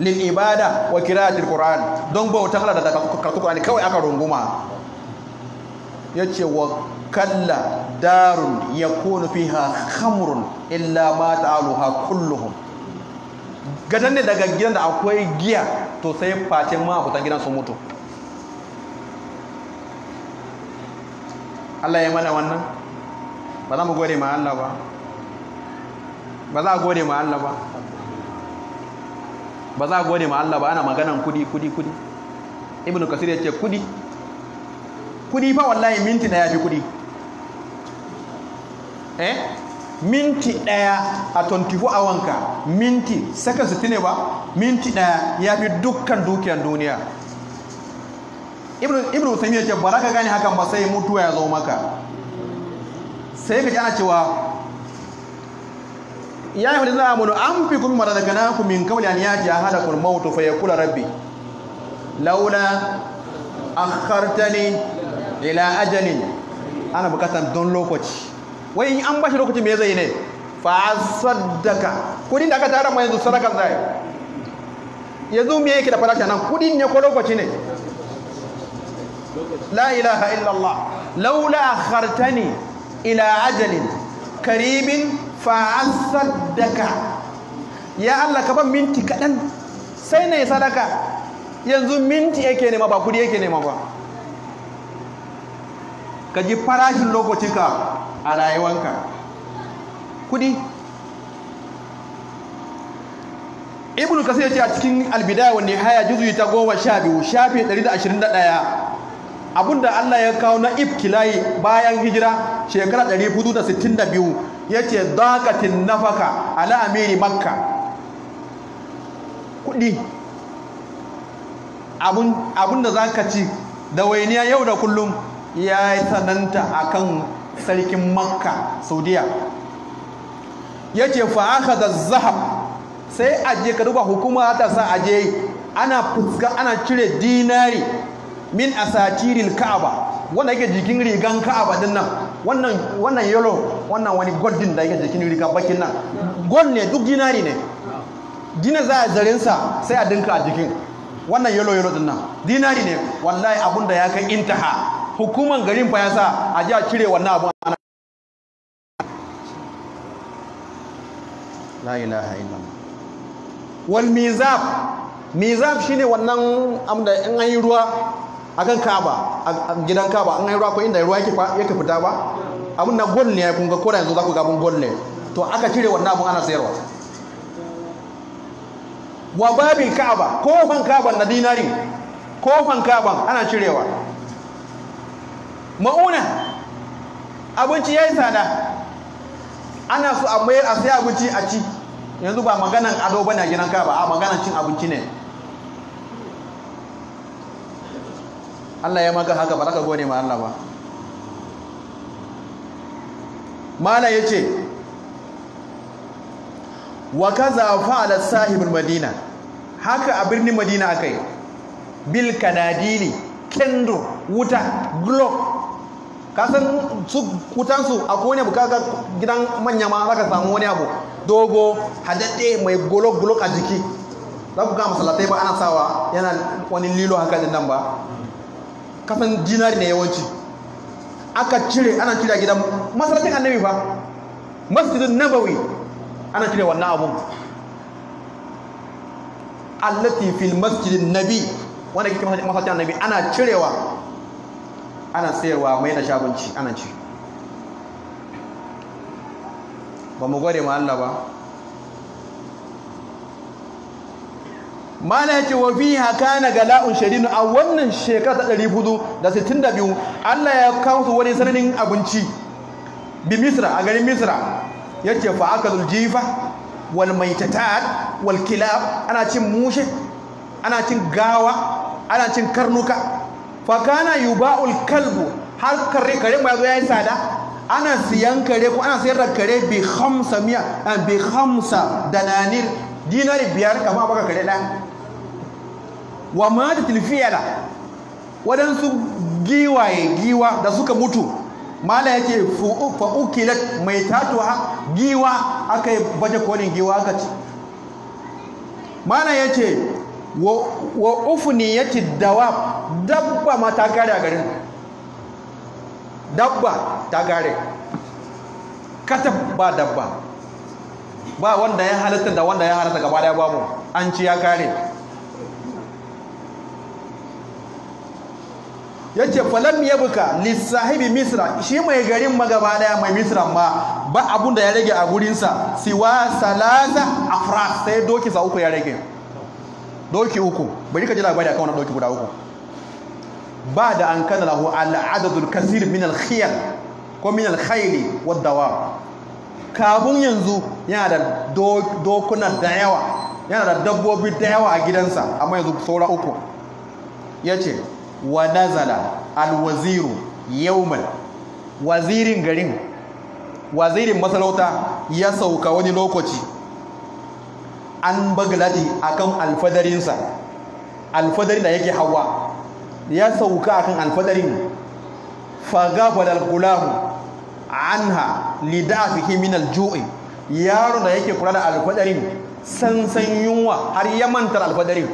A: lil ibada wa qira'atil qur'an don bautar da daga karatu qur'ani kawai aka runguma yace wa kalla darun ya fi ha khamrun illa ma ha kulluhun gadan ne daga gidan da akwai giya to sai face ma gidan su mutu Allah ya mana wannan ba za mu gode ma Allah ba ba za a gode ma Allah ba ba za a gode ma Allah ba ana maganan kudi kudi kudi Ibn kasir ya ce kudi kudi fa wallahi minti na yafi kudi eh minti ɗaya a 24 awanka minti saka su ne ba minti ɗaya ya fi dukkan dukiyar duniya ibn ya ce ba ka gane hakan ba sai mutuwa ya zo maka sai ka ana cewa ya yi hulina zamanu an fi kuma da daga naku min kawai an yaji a hada kun mautu fa ya kula rabbi laula akhartani ila ajalin ana bukatan don lokaci wai in an bashi lokaci me zai ne fa saddaka kudin da aka tara mai yanzu sadaka zai yanzu me yake da farashi nan kudin ya ko lokaci ne la ilaha illallah laula akhartani ila ajalin karibin fa saddaka ya Allah ka ban minti kadan sai na sadaka yanzu minti yake nema ba kudi yake nema ba ka ji farashin lokacinka a rayuwanka kudi ibn kasir ce a cikin albidaya wani haya jizu ta goma sha biyu shafi 121 abinda allah ya kawo na ibkilayi bayan hijira shekara 462 ya ce dakatin nafaka ala amiri makka kudi abinda da za ka ci da wainiya yau da kullum ya tsananta kan sarkin makka saudiya ya ce fa'aka da zahab sai aje ka duba hukuma ta sa aje ana fuska ana cire dinari min a satirin ka'aba wanda yake jikin rigan ka'aba din nan wannan wannan wannan wani gold din da yake jikin rigan bakin nan gold ne duk dinari ne dina za a sa sai a dinka a jikin wannan yalo yalo din nan dinari ne wallahi abun da ya kai intaha hukuman garin fa ya sa a ji a cire wannan abun ana la ilaha illallah wal mizab mizab shine wannan amda in an yi ruwa akan kaba a gidan kaba an yi ruwa ko inda ruwa yake fita ba abun na gol ne ya kun ga ko yanzu za ku ga abun gol ne to aka cire wannan abun ana sayarwa wa babin kaba kofan kaban na dinari kofan kaban ana cirewa ma'una abinci ya yi tsada ana so a mayar a sai abinci a ci yanzu ba maganan ado ba na gidan ka ba a maganan cin abinci ne Allah ya maka haka ba za ka gode ma Allah ba mana ya ce wa zafa ala sahibin madina haka a birnin madina yi bil kanadili kendo wuta glock kasan su kutansu a kowane buka ga gidan manya ma zaka samu wani abu dogo hadadde mai golok a jiki za ku ga masalatai ba ana sawa yana wani lilo haka da nan ba kasan dinari ne yawanci aka cire ana cire a gidan masalatin annabi ba masjidin nabawi ana cire wannan abun allati fil masjidin nabi wanda kike masalatin annabi ana cirewa ana sayarwa mai na shabanci ana ci ba mu gware ma Allah ba mana ya ce wa haka na gala'un shari'u a wannan shekara ta 462 Allah ya kawo su wani sananin abinci bi misra a garin misra ya ce fa aka zuljifa wal maitatat wal kilab ana cin mushe ana cin gawa ana cin karnuka fakana yuba'ul kalbu har kare kare ba zo yi tsada ana siyan kare ko ana sayar da kare bi hamsa miya eh, bi hamsa dananir dinari biyar kama baka kare ɗaya wa ma ta tilfiyala waɗansu giwaye giwa da suka mutu mala yake fa'ukilat mai tatuwa giwa aka yi baje kolin giwa aka ci mala yake wa ya yake dawa dabba ma ta kare a garin dabba ta kare kata ba dabba ba wanda ya halatta da wanda ya halatta gaba daya babu an ci ya kare ya ce falon ya buka lissahibi misra shi mai garin magaba daya mai misra ma ba abun da ya rage a gurinsa siwa salasa afra sai doki sa uku ya rage doki uku bari ka ji labari akan wannan doki guda uku ba da an kana lahu al'adadul kasir min al ko min al-khayli wad kafin yanzu yana da dokuna da yawa yana da dabbobi da yawa a gidansa amma yanzu saura uku yace wa nazala al-waziru wazirin garin wazirin masarauta ya sauka wani lokaci an baglati akan alfadarinsa alfadarin da yake hawa ya sauka akan alfadarin fagafal alkulamu anha lidafihi min aljo'i yaro da yake kula da alfadarin sansan yunwa har ya mantar alfadarin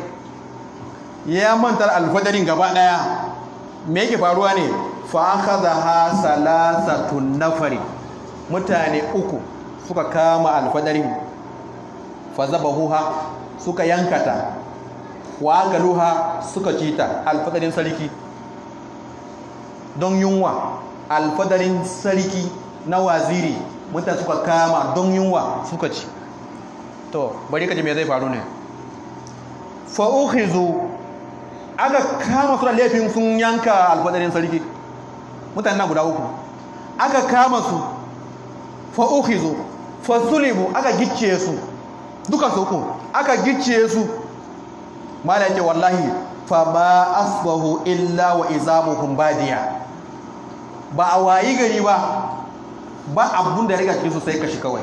A: ya mantar alfadarin gaba daya me yake faruwa ne fa akhadha salasatun nafari mutane uku suka kama alfadarin fa suka yankata wa galuha suka cita alfadarin sarki don yunwa alfadarin sarki na waziri mutane suka kama don yunwa suka ci to bari ka ji me zai faru ne fa ukhizu aka kama su da laifin sun yanka alfadarin sarki mutane na guda uku aka kama su fa ukhizu fa sulibu aka gicce su duka soko aka gicciye su mala yake wallahi fa ma asbahu illa wa izamuhum badiya ba a wayi gari ba ba abun da riga cikin su sai kashi kawai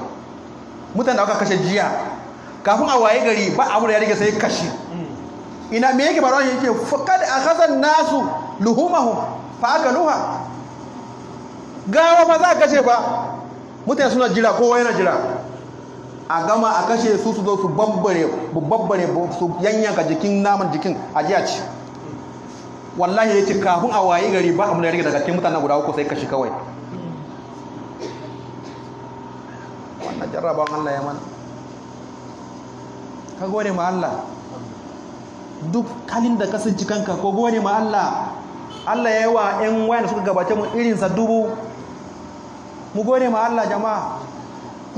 A: mutan da aka kashe jiya kafin a wayi gari ba abun da ya riga sai kashi ina me yake barawa yake faqad akhadha nasu luhumahum fa akaluha gawa ba za a kashe ba mutane suna jira kowa yana jira a gama a kashe su su zo su babbare babbare su yanyanka jikin naman jikin a jiya ci wallahi ya ce kafin a wayi gari ba a da rage daga cikin mutanen guda uku sai kashi kawai wannan jarrabawan Allah ya mana ka gode ma Allah duk kalin da kasance kanka ko gode ma Allah Allah ya yi wa 'yan wayan suka gabace mu irinsa dubu mu gode ma Allah jama'a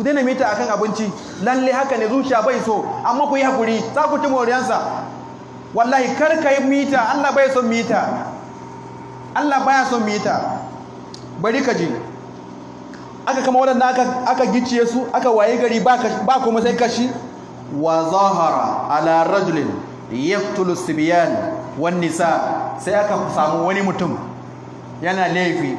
A: ku daina mita akan abinci lalle haka ne zuciya bai so amma ku yi hakuri za ku ci moriyansa wallahi kar ka yi mita Allah bai son mita Allah baya son mita bari ka ji aka kama wadanda aka aka gicciye su aka waye gari ba ba kuma sai kashi wa zahara ala rajulin yaqtulu sibyan wan nisa sai aka samu wani mutum yana laifi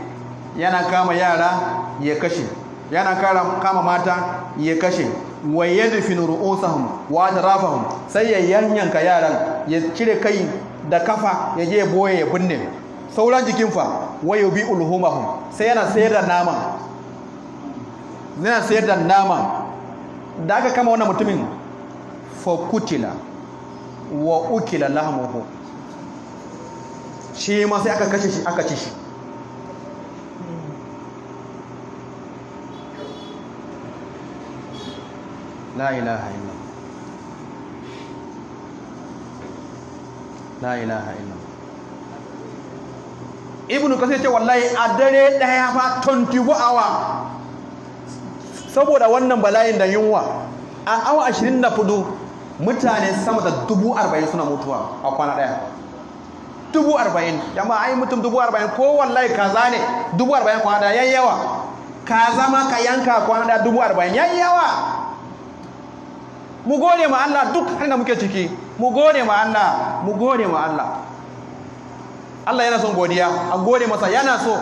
A: yana kama yara ya kashe yana kara kama mata ya kashe wa yadfin ru'usahum wa atrafahum sai ya yanyanka yaran ya cire kai da kafa ya je boye ya binne sauran jikin fa wa bi ulhumahum sai yana sayar da nama, yana sayar da nama. da aka kama wannan mutumin fa kutila wa ukila lahmuhu shi ma sai aka kashe shi aka ci shi la ilaha illallah la ilaha ibnu kasir ce wallahi a dare daya fa 24 hour saboda wannan bala'in da yunwa a awa 24 mutane sama da dubu arba'in suna mutuwa a kwana daya dubu arba'in yamma ai mutum dubu arba'in ko wallahi kaza ne dubu arba'in kwana daya yawa kaza ma ka yanka kwana daya dubu arba'in yawa mu gode ma Allah duk inda muke ciki mu gode ma Allah mu gode ma Allah Allah yana son godiya a gode masa yana so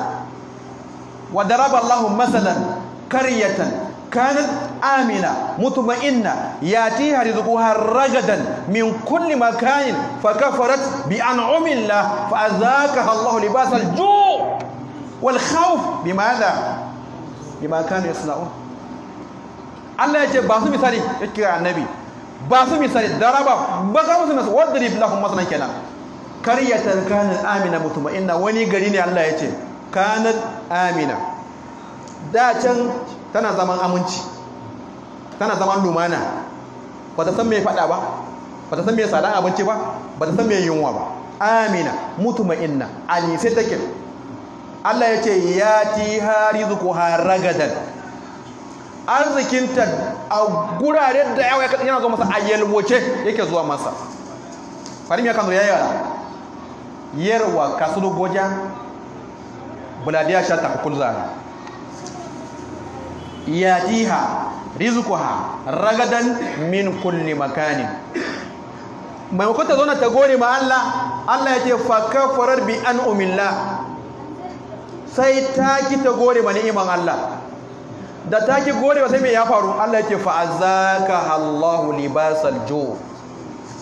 A: wa daraba Allahu masalan qaryatan kanat amina mutma'inna yatiha rizquha ragadan min kulli makanin fakafarat bi an'amillah fa azaqaha Allahu libasal ju' wal khawf bimadha bima kanu yasna'un Allah ya ce ba su misali ya kira annabi ba su misali daraba ba za musu nasu wadda rifi lahun masanan kenan karyatar kanin amina Inna wani gari ne Allah ya ce kanin amina da can tana zaman aminci tana zaman lumana ba ta san mai faɗa ba ba ta san mai sadan abinci ba ba ta san mai yunwa ba amina inna a nise take Allah ya ce ya ti ko haragadar arzikinta a guraren da yawa yana zuwa masa a yalwace yake zuwa masa farin ya kanzu yayi yarwa kasudu goja buladiya sha ta kulza yatiha rizquha ragadan min kulli makani maimakon ta zauna ta gode ma Allah Allah ya ce farar bi an umilla sai ta ki ta gode ma ni'iman Allah da ta ki gode sai me ya faru Allah yake fa azaka Allahu libasal salju.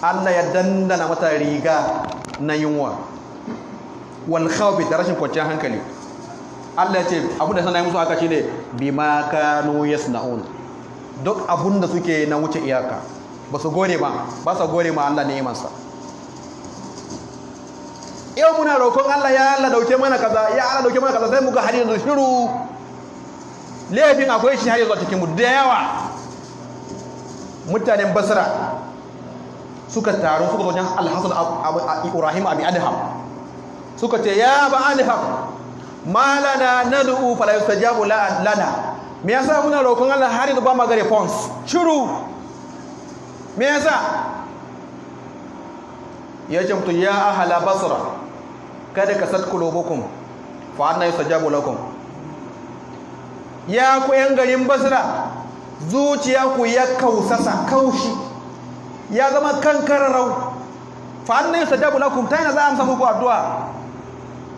A: Allah ya dandana mata riga na yunwa wal khawfi da rashin kwanciyar hankali Allah ya ce abin da sana yi musu haka shine bima kanu yasnaun duk abinda suke na wuce iyaka ba su gore ba ba su gore ma Allah ni'imansa yau muna roƙon Allah ya Allah dauke mana kaza ya Allah dauke mana kaza sai muka har da shiru laifin akwai shi har yanzu a cikinmu da yawa mutanen basra suka taru suka wajen alhassan ibrahim abu adham suka ce ya ba adham ma lana nad'u ta jabu lana me yasa muna roƙon Allah har yanzu ba ma ga response shiru me yasa ya ce mutu ya ahala basra kada ka sadku lobukum fa anna yustajabu lakum ya ku yan garin basra zuciya ku ya kausasa kaushi ya zama kankararau fa annayu sajabu lakum ta yana za a amsa muku addu'a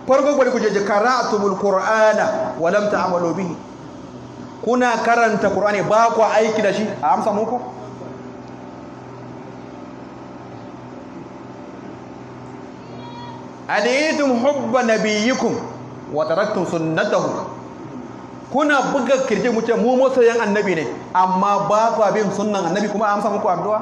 A: farko gwada ku je ji qur'ana wa lam ta'malu bihi kuna karanta qur'ani ba ku aiki da shi a amsa muku adaitum hubba nabiyikum wa taraktum sunnatahu kuna buga kirji mu ce mu masoyan annabi ne amma ba ku bin sunan annabi kuma amsa muku addu'a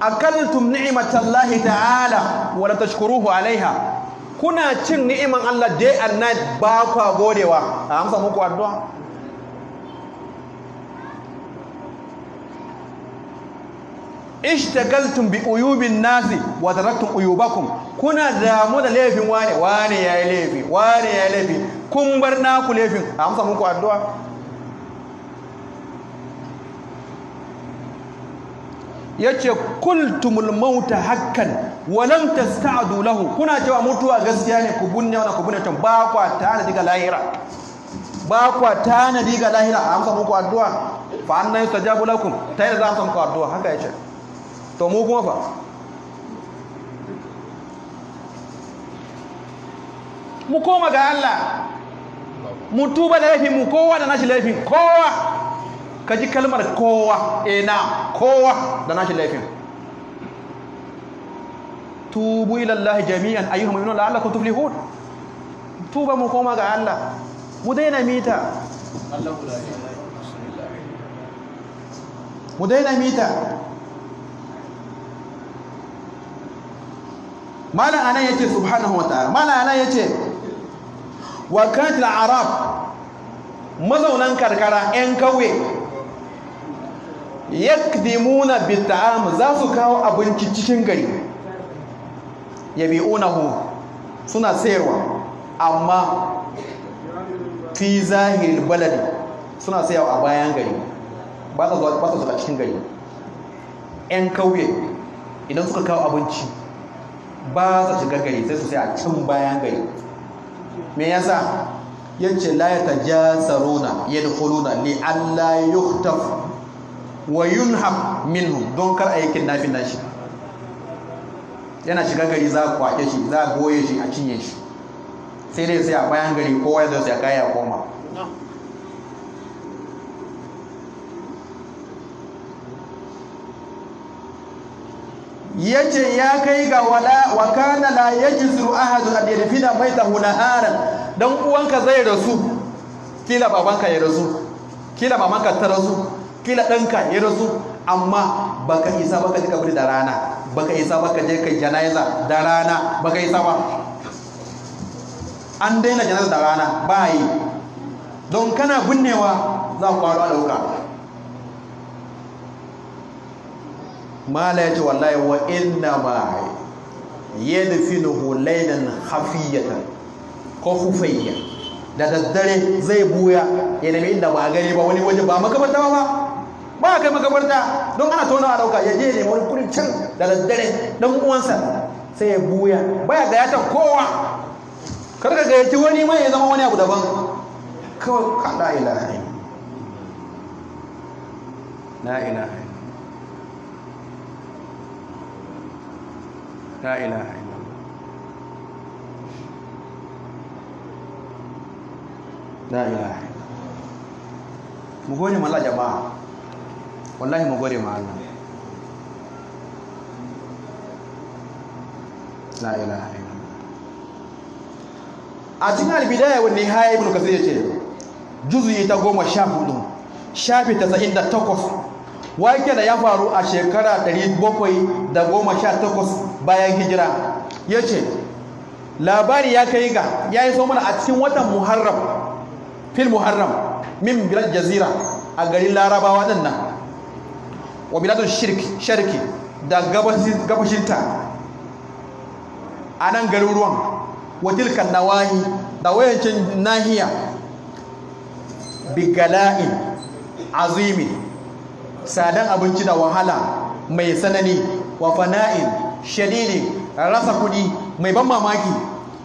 A: akaltum ni'matallahi ta'ala wa la tashkuruhu alaiha kuna cin ni'iman Allah day and ba ku godewa amsa muku addu'a ishtagaltum bi uyubin nasi wa taraktum uyubakum kuna damu da laifin wane wane yayi laifi wane yayi laifi kun bar naku laifin a amsa muku addu'a yace kultumul mauta hakkan wa lam tasta'du lahu kuna cewa mutuwa gaskiya ne ku bunne wannan ku bunne tan ba kwa tana diga lahira ba kwa tana diga lahira a amsa muku addu'a fa anna yustajabu lakum ta yadda za a amsa muku addu'a haka yace to mu kuma fa mu koma ga Allah mu tuba da laifin mu kowa da nashi laifin kowa ka ji kalmar kowa ina eh, kowa da nashi laifin tubu ila Allah jami'an ayyuhal mu'minun la'allakum tuflihun tuba mu koma ga Allah mu daina mita mu daina mita malam anan yace subhanahu ta'ala malam anan ce wa kanat arab mazaunan karkara yan kauye yakdimuna bit'am za su kawo abinci cikin gari yabi'unahu suna sayarwa amma fi zahiril baladi suna sayarwa a bayan gari ba su zuwa cikin gari yan kauye idan suka kawo abinci ba su shiga gari sai su sai a can bayan gari me yasa yace la tajasaruna yadkhuluna li alla yuhtaf wa yunhab minhum don kar a yi nashi yana shiga gari za a kwake shi za ku goye shi a cinye shi sai dai sai a bayan gari kowa ya zo sai a kaya koma yace ya kai ga wala wa kana la yajzu ahadu an yadfina maitahu naharan dan uwanka zai rasu kila babanka ya rasu kila mamanka ta rasu kila ɗanka ya rasu amma baka isa baka je kabri da rana baka isa baka je kai janaiza da rana baka isa ba an daina janaiza da rana ba yi don kana binnewa za ku kwaro da wuka mala ya ce wallahi wa inna ma yadfinuhu da khafiyatan ko hufayya da daddare zai buya ya nemi inda ba gani ba wani waje ba makabarta ba ba kai makabarta don ana tona a dauka ya je ne wani kuri can da daddare dan uwansa sai ya buya baya ga yatan kowa karka ga yaci wani mai ya zama wani abu daban kawai kada ilaha illallah la ilaha la ilaha illallah la ilaha mu gode ma Allah jama'a wallahi mu gode ma Allah la ilaha illallah a cikin albidaya wani haya ibn kasir ya ce yi ta goma sha hudu shafi tasa'in da takwas Wa yake da ya faru a shekara 718 bayan hijira ya ce labari ya kai ga ya yi mana a cikin watan muharram fil muharram min bilad jazira a garin larabawa din nan wa biladun shirki da gabashinta a nan garin ruwan wa tilkan nawahi da wayancin nahiya bigala'in azimi sadan abinci da wahala mai tsanani wa fana'in shalili rasa kudi mai ban mamaki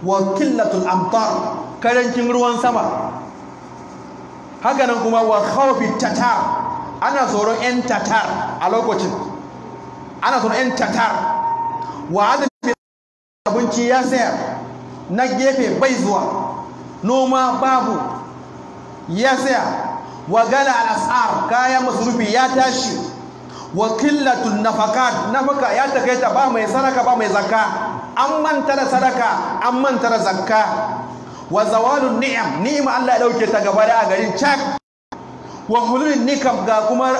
A: wa killatul amtar karancin ruwan sama haka nan kuma wa khawfi tatar ana tsoron yan tatar a lokacin ana tsoron yan tatar wa adalci abinci ya tsaya. na gefe bai zuwa noma babu ya tsaya. wa gala al-as'ar kayan masarufi ya tashi wa qillatul nafakat nafaka ya takaita ba mai sadaka ba mai zakka an manta da sadaka an manta da zakka wa zawalun ni'am ni'ima Allah ya dauke ta gaba da a garin cak wa hulun nikam ga kuma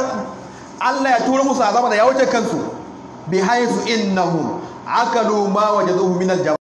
A: Allah ya tura musu azaba da ya wuce kansu bi haythu innahum akalu ma wajadu min al